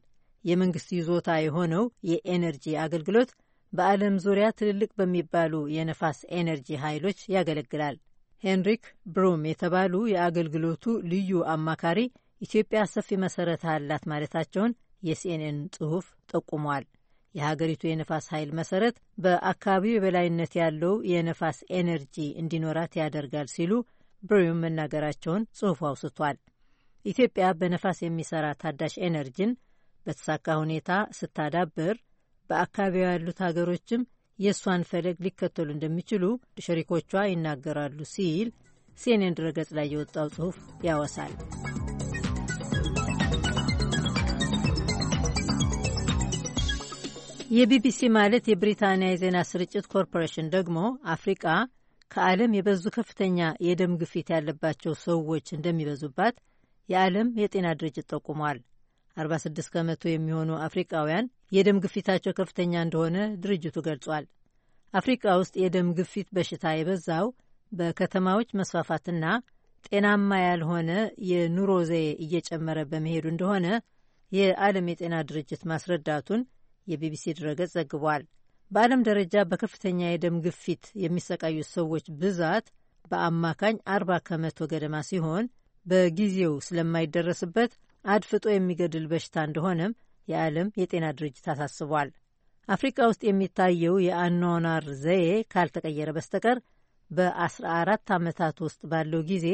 የመንግስት ይዞታ የሆነው የኤነርጂ አገልግሎት በዓለም ዙሪያ ትልልቅ በሚባሉ የነፋስ ኤነርጂ ኃይሎች ያገለግላል። ሄንሪክ ብሩም የተባሉ የአገልግሎቱ ልዩ አማካሪ ኢትዮጵያ ሰፊ መሠረት አላት ማለታቸውን የሲኤንኤን ጽሑፍ ጠቁሟል። የሀገሪቱ የነፋስ ኃይል መሰረት በአካባቢው የበላይነት ያለው የነፋስ ኤነርጂ እንዲኖራት ያደርጋል ሲሉ ብሩም መናገራቸውን ጽሑፉ አውስቷል። ኢትዮጵያ በነፋስ የሚሰራ ታዳሽ ኤነርጂን በተሳካ ሁኔታ ስታዳብር በአካባቢው ያሉት ሀገሮችም የእሷን ፈለግ ሊከተሉ እንደሚችሉ ሸሪኮቿ ይናገራሉ ሲል ሲኤንኤን ድረገጽ ላይ የወጣው ጽሑፍ ያወሳል። የቢቢሲ ማለት የብሪታንያ የዜና ስርጭት ኮርፖሬሽን ደግሞ አፍሪቃ ከዓለም የበዙ ከፍተኛ የደም ግፊት ያለባቸው ሰዎች እንደሚበዙባት የዓለም የጤና ድርጅት ጠቁሟል። 46 ከመቶ የሚሆኑ አፍሪቃውያን የደም ግፊታቸው ከፍተኛ እንደሆነ ድርጅቱ ገልጿል። አፍሪቃ ውስጥ የደም ግፊት በሽታ የበዛው በከተማዎች መስፋፋትና ጤናማ ያልሆነ የኑሮ ዘዬ እየጨመረ በመሄዱ እንደሆነ የዓለም የጤና ድርጅት ማስረዳቱን የቢቢሲ ድረገጽ ዘግቧል። በዓለም ደረጃ በከፍተኛ የደም ግፊት የሚሰቃዩት ሰዎች ብዛት በአማካኝ አርባ ከመቶ ገደማ ሲሆን በጊዜው ስለማይደረስበት አድፍጦ የሚገድል በሽታ እንደሆነም የዓለም የጤና ድርጅት አሳስቧል። አፍሪካ ውስጥ የሚታየው የአኗኗር ዘዬ ካልተቀየረ በስተቀር በ14 ዓመታት ውስጥ ባለው ጊዜ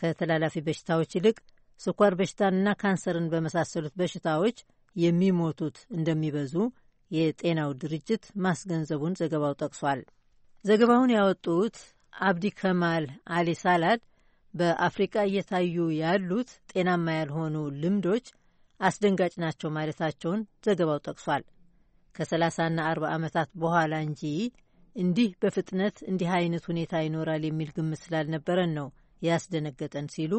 ከተላላፊ በሽታዎች ይልቅ ስኳር በሽታንና ካንሰርን በመሳሰሉት በሽታዎች የሚሞቱት እንደሚበዙ የጤናው ድርጅት ማስገንዘቡን ዘገባው ጠቅሷል። ዘገባውን ያወጡት አብዲ ከማል አሊ ሳላድ በአፍሪቃ እየታዩ ያሉት ጤናማ ያልሆኑ ልምዶች አስደንጋጭ ናቸው ማለታቸውን ዘገባው ጠቅሷል። ከ30ና 40 ዓመታት በኋላ እንጂ እንዲህ በፍጥነት እንዲህ አይነት ሁኔታ ይኖራል የሚል ግምት ስላልነበረን ነው ያስደነገጠን ሲሉ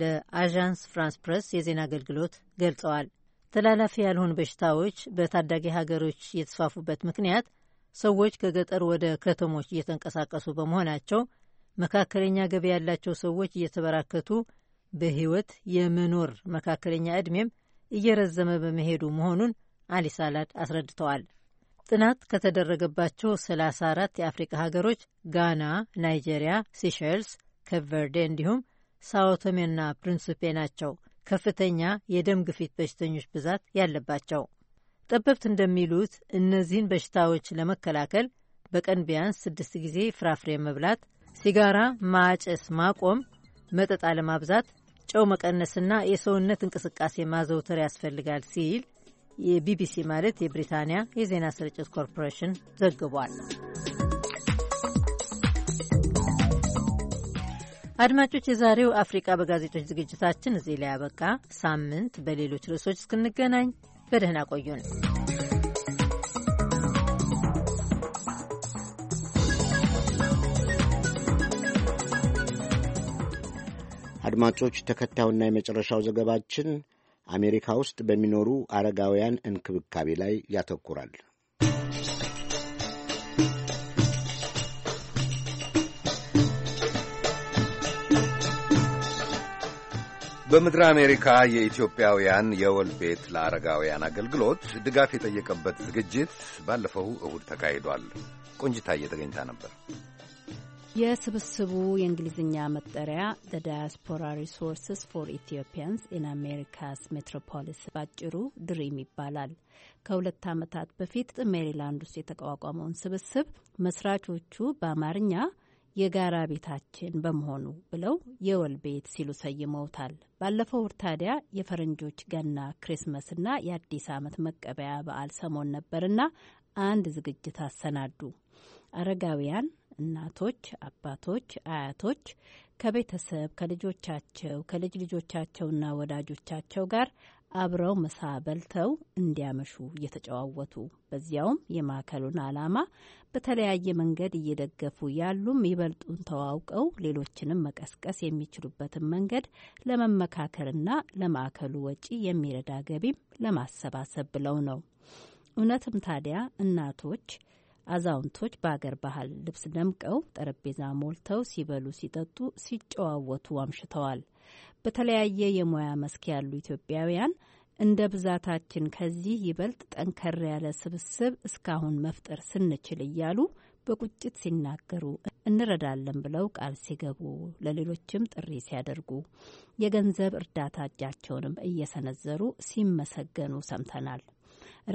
ለአዣንስ ፍራንስ ፕረስ የዜና አገልግሎት ገልጸዋል። ተላላፊ ያልሆኑ በሽታዎች በታዳጊ ሀገሮች የተስፋፉበት ምክንያት ሰዎች ከገጠር ወደ ከተሞች እየተንቀሳቀሱ በመሆናቸው መካከለኛ ገቢ ያላቸው ሰዎች እየተበራከቱ በህይወት የመኖር መካከለኛ ዕድሜም እየረዘመ በመሄዱ መሆኑን አሊ ሳላድ አስረድተዋል። ጥናት ከተደረገባቸው 34 የአፍሪካ ሀገሮች ጋና፣ ናይጄሪያ፣ ሲሸልስ፣ ከፕ ቨርዴ እንዲሁም ሳኦ ፕሪንስፔ ናቸው ከፍተኛ የደም ግፊት በሽተኞች ብዛት ያለባቸው። ጠበብት እንደሚሉት እነዚህን በሽታዎች ለመከላከል በቀን ቢያንስ ስድስት ጊዜ ፍራፍሬ መብላት፣ ሲጋራ ማጨስ ማቆም፣ መጠጥ አለማብዛት፣ ጨው መቀነስና የሰውነት እንቅስቃሴ ማዘውተር ያስፈልጋል ሲል የቢቢሲ ማለት የብሪታንያ የዜና ስርጭት ኮርፖሬሽን ዘግቧል። አድማጮች፣ የዛሬው አፍሪቃ በጋዜጦች ዝግጅታችን እዚህ ላይ ያበቃ። ሳምንት በሌሎች ርዕሶች እስክንገናኝ በደህና ቆዩን።
አድማጮች፣ ተከታዩና የመጨረሻው ዘገባችን አሜሪካ ውስጥ በሚኖሩ አረጋውያን እንክብካቤ ላይ ያተኩራል።
በምድር አሜሪካ የኢትዮጵያውያን የወል ቤት ለአረጋውያን አገልግሎት ድጋፍ የጠየቀበት ዝግጅት ባለፈው እሁድ ተካሂዷል። ቆንጅታ እየተገኝታ ነበር።
የስብስቡ የእንግሊዝኛ መጠሪያ ዘ ዳያስፖራ ሪሶርስስ ፎር ኢትዮጵያንስ ኢን አሜሪካስ ሜትሮፖሊስ ባጭሩ ድሪም ይባላል። ከሁለት ዓመታት በፊት ሜሪላንድ ውስጥ የተቋቋመውን ስብስብ መስራቾቹ በአማርኛ የጋራ ቤታችን በመሆኑ ብለው የወል ቤት ሲሉ ሰይመውታል። ባለፈው ወር ታዲያ የፈረንጆች ገና ክሪስመስና የአዲስ ዓመት መቀበያ በዓል ሰሞን ነበርና አንድ ዝግጅት አሰናዱ። አረጋውያን እናቶች፣ አባቶች፣ አያቶች ከቤተሰብ ከልጆቻቸው ከልጅ ልጆቻቸውና ወዳጆቻቸው ጋር አብረው ምሳ በልተው እንዲያመሹ እየተጨዋወቱ በዚያውም የማዕከሉን ዓላማ በተለያየ መንገድ እየደገፉ ያሉም ይበልጡን ተዋውቀው ሌሎችንም መቀስቀስ የሚችሉበትን መንገድ ለመመካከርና ለማዕከሉ ወጪ የሚረዳ ገቢም ለማሰባሰብ ብለው ነው። እውነትም ታዲያ እናቶች አዛውንቶች በአገር ባህል ልብስ ደምቀው ጠረጴዛ ሞልተው ሲበሉ፣ ሲጠጡ፣ ሲጨዋወቱ አምሽተዋል። በተለያየ የሙያ መስክ ያሉ ኢትዮጵያውያን እንደ ብዛታችን ከዚህ ይበልጥ ጠንከር ያለ ስብስብ እስካሁን መፍጠር ስንችል እያሉ በቁጭት ሲናገሩ እንረዳለን ብለው ቃል ሲገቡ ለሌሎችም ጥሪ ሲያደርጉ የገንዘብ እርዳታ እጃቸውንም እየሰነዘሩ ሲመሰገኑ ሰምተናል።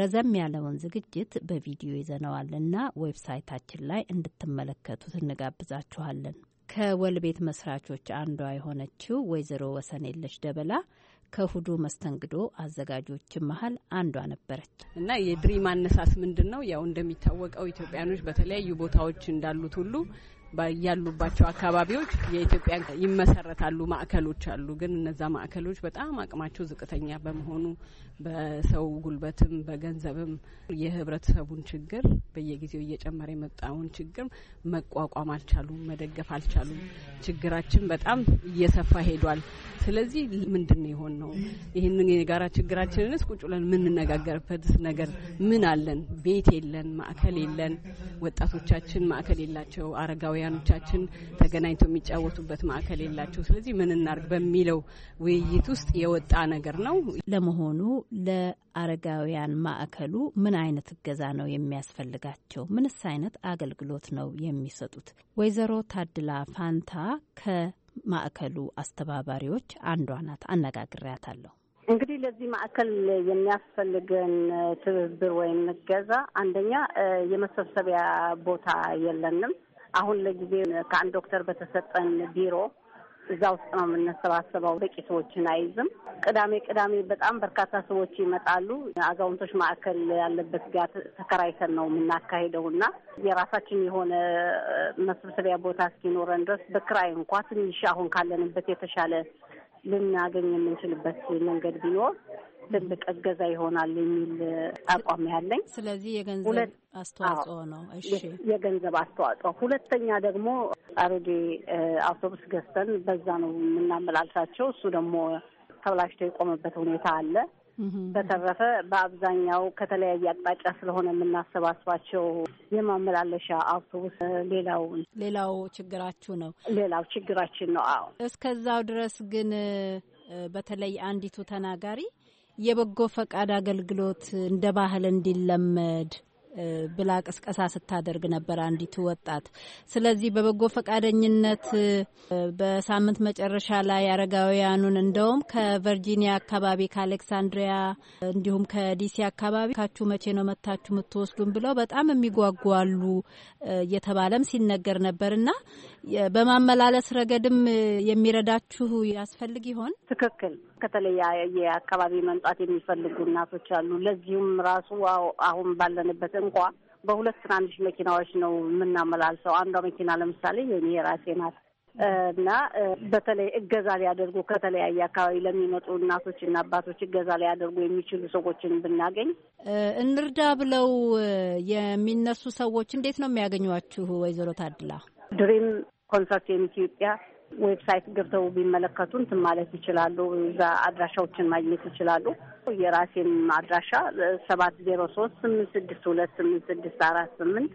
ረዘም ያለውን ዝግጅት በቪዲዮ ይዘነዋልና ዌብሳይታችን ላይ እንድትመለከቱት እንጋብዛችኋለን። ከወልቤት መስራቾች አንዷ የሆነችው ወይዘሮ ወሰኔለች ደበላ ከእሁዱ መስተንግዶ አዘጋጆች መሀል አንዷ ነበረች እና የድሪ አነሳስ ምንድን ነው? ያው እንደሚታወቀው ኢትዮጵያኖች በተለያዩ ቦታዎች እንዳሉት ሁሉ ያሉባቸው አካባቢዎች የኢትዮጵያ ይመሰረታሉ ማዕከሎች አሉ። ግን እነዛ ማዕከሎች በጣም አቅማቸው ዝቅተኛ በመሆኑ በሰው ጉልበትም በገንዘብም የህብረተሰቡን ችግር በየጊዜው እየጨመረ የመጣውን ችግር መቋቋም አልቻሉም፣ መደገፍ አልቻሉም። ችግራችን በጣም እየሰፋ ሄዷል። ስለዚህ ምንድን ነው የሆን ነው? ይህንን የጋራ ችግራችንንስ ቁጭ ብለን የምንነጋገርበት ነገር ምን አለን? ቤት የለን፣ ማዕከል የለን፣ ወጣቶቻችን ማዕከል የላቸው፣ አረጋዊ ኢትዮጵያውያኖቻችን ተገናኝተው የሚጫወቱበት ማዕከል የላቸው። ስለዚህ ምን እናርግ በሚለው ውይይት ውስጥ የወጣ ነገር ነው። ለመሆኑ ለአረጋውያን ማዕከሉ ምን አይነት እገዛ ነው የሚያስፈልጋቸው? ምንስ አይነት አገልግሎት ነው የሚሰጡት? ወይዘሮ ታድላ ፋንታ ከማዕከሉ አስተባባሪዎች አንዷ ናት። አነጋግሬያታለሁ።
እንግዲህ ለዚህ ማዕከል የሚያስፈልገን ትብብር ወይም እገዛ አንደኛ የመሰብሰቢያ ቦታ የለንም። አሁን ለጊዜ ከአንድ ዶክተር በተሰጠን ቢሮ እዛ ውስጥ ነው የምንሰባሰበው። በቂ ሰዎችን አይዝም። ቅዳሜ ቅዳሜ በጣም በርካታ ሰዎች ይመጣሉ። አዛውንቶች ማዕከል ያለበት ጋር ተከራይተን ነው የምናካሄደው እና የራሳችን የሆነ መሰብሰቢያ ቦታ እስኪኖረን ድረስ በክራይ እንኳ ትንሽ አሁን ካለንበት የተሻለ ልናገኝ የምንችልበት መንገድ ቢኖር ትልቅ እገዛ ይሆናል የሚል አቋም ያለኝ። ስለዚህ የገንዘብ
አስተዋጽኦ ነው። እሺ፣
የገንዘብ አስተዋጽኦ። ሁለተኛ ደግሞ አሮጌ አውቶቡስ ገዝተን በዛ ነው የምናመላልሳቸው። እሱ ደግሞ ተብላሽቶ የቆመበት ሁኔታ አለ። በተረፈ በአብዛኛው ከተለያየ አቅጣጫ ስለሆነ የምናሰባስባቸው የማመላለሻ አውቶቡስ ሌላው ሌላው ችግራችሁ ነው። ሌላው ችግራችን ነው። አዎ።
እስከዛው ድረስ ግን በተለይ አንዲቱ ተናጋሪ የበጎ ፈቃድ አገልግሎት እንደ ባህል እንዲለመድ ብላ ቅስቀሳ ስታደርግ ነበር አንዲቱ ወጣት። ስለዚህ በበጎ ፈቃደኝነት በሳምንት መጨረሻ ላይ አረጋውያኑን እንደውም ከቨርጂኒያ አካባቢ ከአሌክሳንድሪያ፣ እንዲሁም ከዲሲ አካባቢ ካችሁ መቼ ነው መታችሁ የምትወስዱን ብለው በጣም የሚጓጓሉ እየተባለም ሲነገር ነበር እና በማመላለስ ረገድም የሚረዳችሁ ያስፈልግ ይሆን?
ትክክል። ከተለይ የአካባቢ መምጣት የሚፈልጉ እናቶች አሉ። ለዚሁም ራሱ አሁን ባለንበት እንኳ በሁለት ትናንሽ መኪናዎች ነው የምናመላልሰው። አንዷ መኪና ለምሳሌ የኔ የራሴ ናት እና በተለይ እገዛ ሊያደርጉ ከተለያየ አካባቢ ለሚመጡ እናቶችና አባቶች እገዛ ሊያደርጉ የሚችሉ ሰዎችን
ብናገኝ እንርዳ ብለው የሚነሱ ሰዎች እንዴት ነው የሚያገኟችሁ? ወይዘሮ ታድላ
ድሪም ኮንሰርቲየም ኢትዮጵያ ዌብሳይት ገብተው ቢመለከቱ እንትን ማለት ይችላሉ። እዛ አድራሻዎችን ማግኘት ይችላሉ። የራሴም አድራሻ ሰባት ዜሮ ሶስት ስምንት ስድስት ሁለት ስምንት ስድስት አራት ስምንት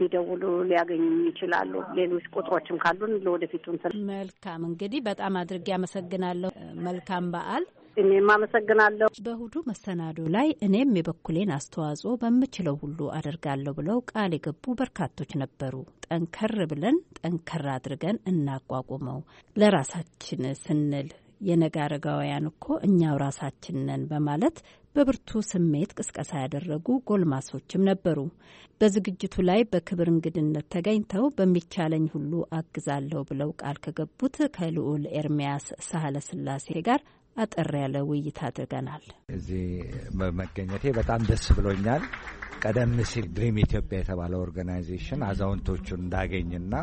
ቢደውሉ
ሊያገኙ ይችላሉ። ሌሎች ቁጥሮችም ካሉን ለወደፊቱ መልካም። እንግዲህ በጣም አድርጌ አመሰግናለሁ። መልካም በዓል እኔም አመሰግናለሁ። በእሁዱ መሰናዶ ላይ እኔም የበኩሌን አስተዋጽኦ በምችለው ሁሉ አደርጋለሁ ብለው ቃል የገቡ በርካቶች ነበሩ። ጠንከር ብለን ጠንከር አድርገን እናቋቁመው ለራሳችን ስንል የነገ አረጋውያን እኮ እኛው ራሳችን ነን በማለት በብርቱ ስሜት ቅስቀሳ ያደረጉ ጎልማሶችም ነበሩ። በዝግጅቱ ላይ በክብር እንግድነት ተገኝተው በሚቻለኝ ሁሉ አግዛለሁ ብለው ቃል ከገቡት ከልዑል ኤርሚያስ ሳህለ ስላሴ ጋር አጠር ያለ ውይይት አድርገናል።
እዚህ መገኘቴ በጣም ደስ ብሎኛል። ቀደም ሲል ድሪም ኢትዮጵያ የተባለ ኦርጋናይዜሽን አዛውንቶቹን እንዳገኝና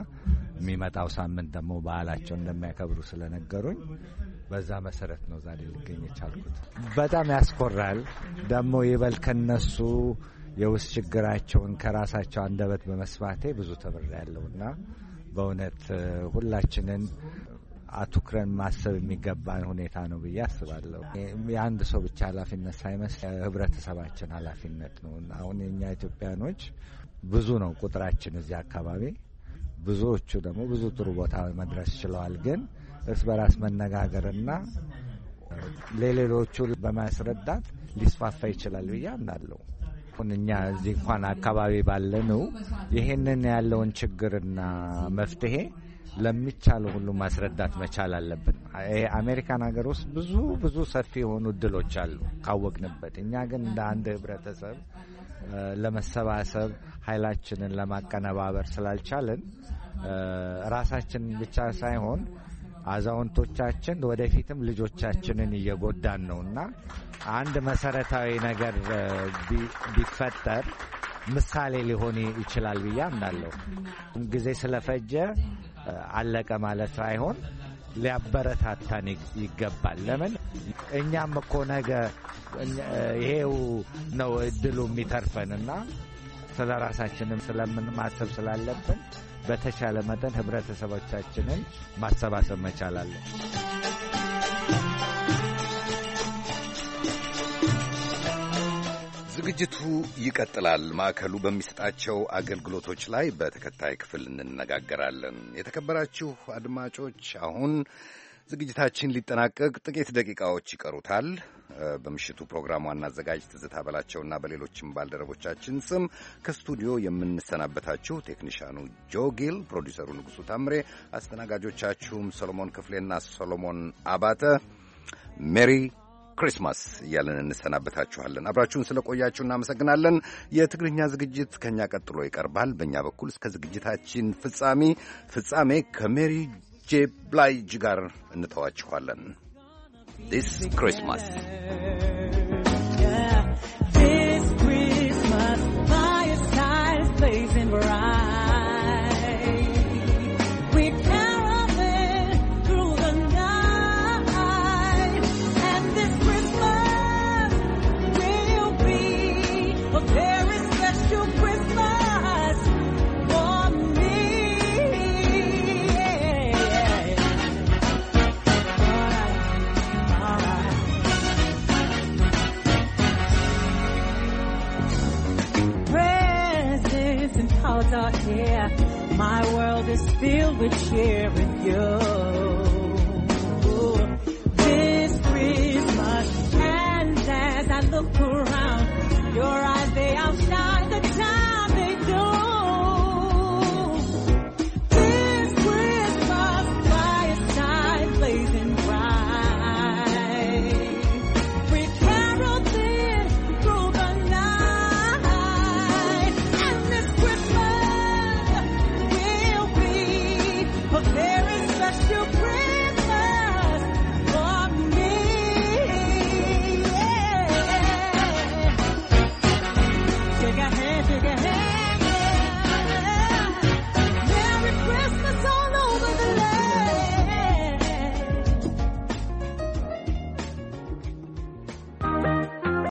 የሚመጣው ሳምንት ደግሞ በዓላቸው እንደሚያከብሩ ስለነገሩኝ በዛ መሰረት ነው ዛሬ ልገኝ የቻልኩት። በጣም ያስኮራል። ደግሞ ይበል ከነሱ የውስጥ ችግራቸውን ከራሳቸው አንደበት በመስማቴ ብዙ ተብር ያለውና በእውነት ሁላችንን አትኩረን ማሰብ የሚገባን ሁኔታ ነው ብዬ አስባለሁ። የአንድ ሰው ብቻ ኃላፊነት ሳይመስል ህብረተሰባችን ኃላፊነት ነው። አሁን የኛ ኢትዮጵያኖች ብዙ ነው ቁጥራችን እዚህ አካባቢ ብዙዎቹ ደግሞ ብዙ ጥሩ ቦታ መድረስ ችለዋል። ግን እርስ በራስ መነጋገርና ለሌሎቹ በማስረዳት ሊስፋፋ ይችላል ብዬ አምናለሁ። አሁን እኛ እዚህ እንኳን አካባቢ ባለነው ይህንን ያለውን ችግርና መፍትሄ ለሚቻለው ሁሉ ማስረዳት መቻል አለብን። አሜሪካን ሀገር ውስጥ ብዙ ብዙ ሰፊ የሆኑ እድሎች አሉ ካወቅንበት። እኛ ግን እንደ አንድ ህብረተሰብ ለመሰባሰብ ኃይላችንን ለማቀነባበር ስላልቻልን ራሳችን ብቻ ሳይሆን አዛውንቶቻችን ወደፊትም ልጆቻችንን እየጎዳን ነው እና አንድ መሰረታዊ ነገር ቢፈጠር ምሳሌ ሊሆን ይችላል ብዬ አምናለሁ። ጊዜ ስለፈጀ አለቀ ማለት ሳይሆን ሊያበረታታን ይገባል። ለምን እኛም እኮ ነገ ይሄው ነው እድሉ የሚተርፈንና ስለ ራሳችንም ስለምንማሰብ ስላለብን በተቻለ መጠን ህብረተሰቦቻችንን ማሰባሰብ መቻላለን።
ዝግጅቱ ይቀጥላል። ማዕከሉ በሚሰጣቸው አገልግሎቶች ላይ በተከታይ ክፍል እንነጋገራለን። የተከበራችሁ አድማጮች አሁን ዝግጅታችን ሊጠናቀቅ ጥቂት ደቂቃዎች ይቀሩታል። በምሽቱ ፕሮግራም ዋና አዘጋጅ ትዝታ በላቸውና በሌሎችም ባልደረቦቻችን ስም ከስቱዲዮ የምንሰናበታችሁ ቴክኒሻኑ ጆጊል፣ ፕሮዲሰሩ ንጉሡ ታምሬ፣ አስተናጋጆቻችሁም ሰሎሞን ክፍሌና ሰሎሞን አባተ ሜሪ ክሪስማስ እያለን እንሰናበታችኋለን። አብራችሁን ስለቆያችሁ እናመሰግናለን። የትግርኛ ዝግጅት ከእኛ ቀጥሎ ይቀርባል። በእኛ በኩል እስከ ዝግጅታችን ፍጻሜ ፍጻሜ ከሜሪ ጄ ብላይጅ ጋር እንተዋችኋለን። ዲስ ክሪስማስ
My world is filled with cheer with you. This Christmas, and as I look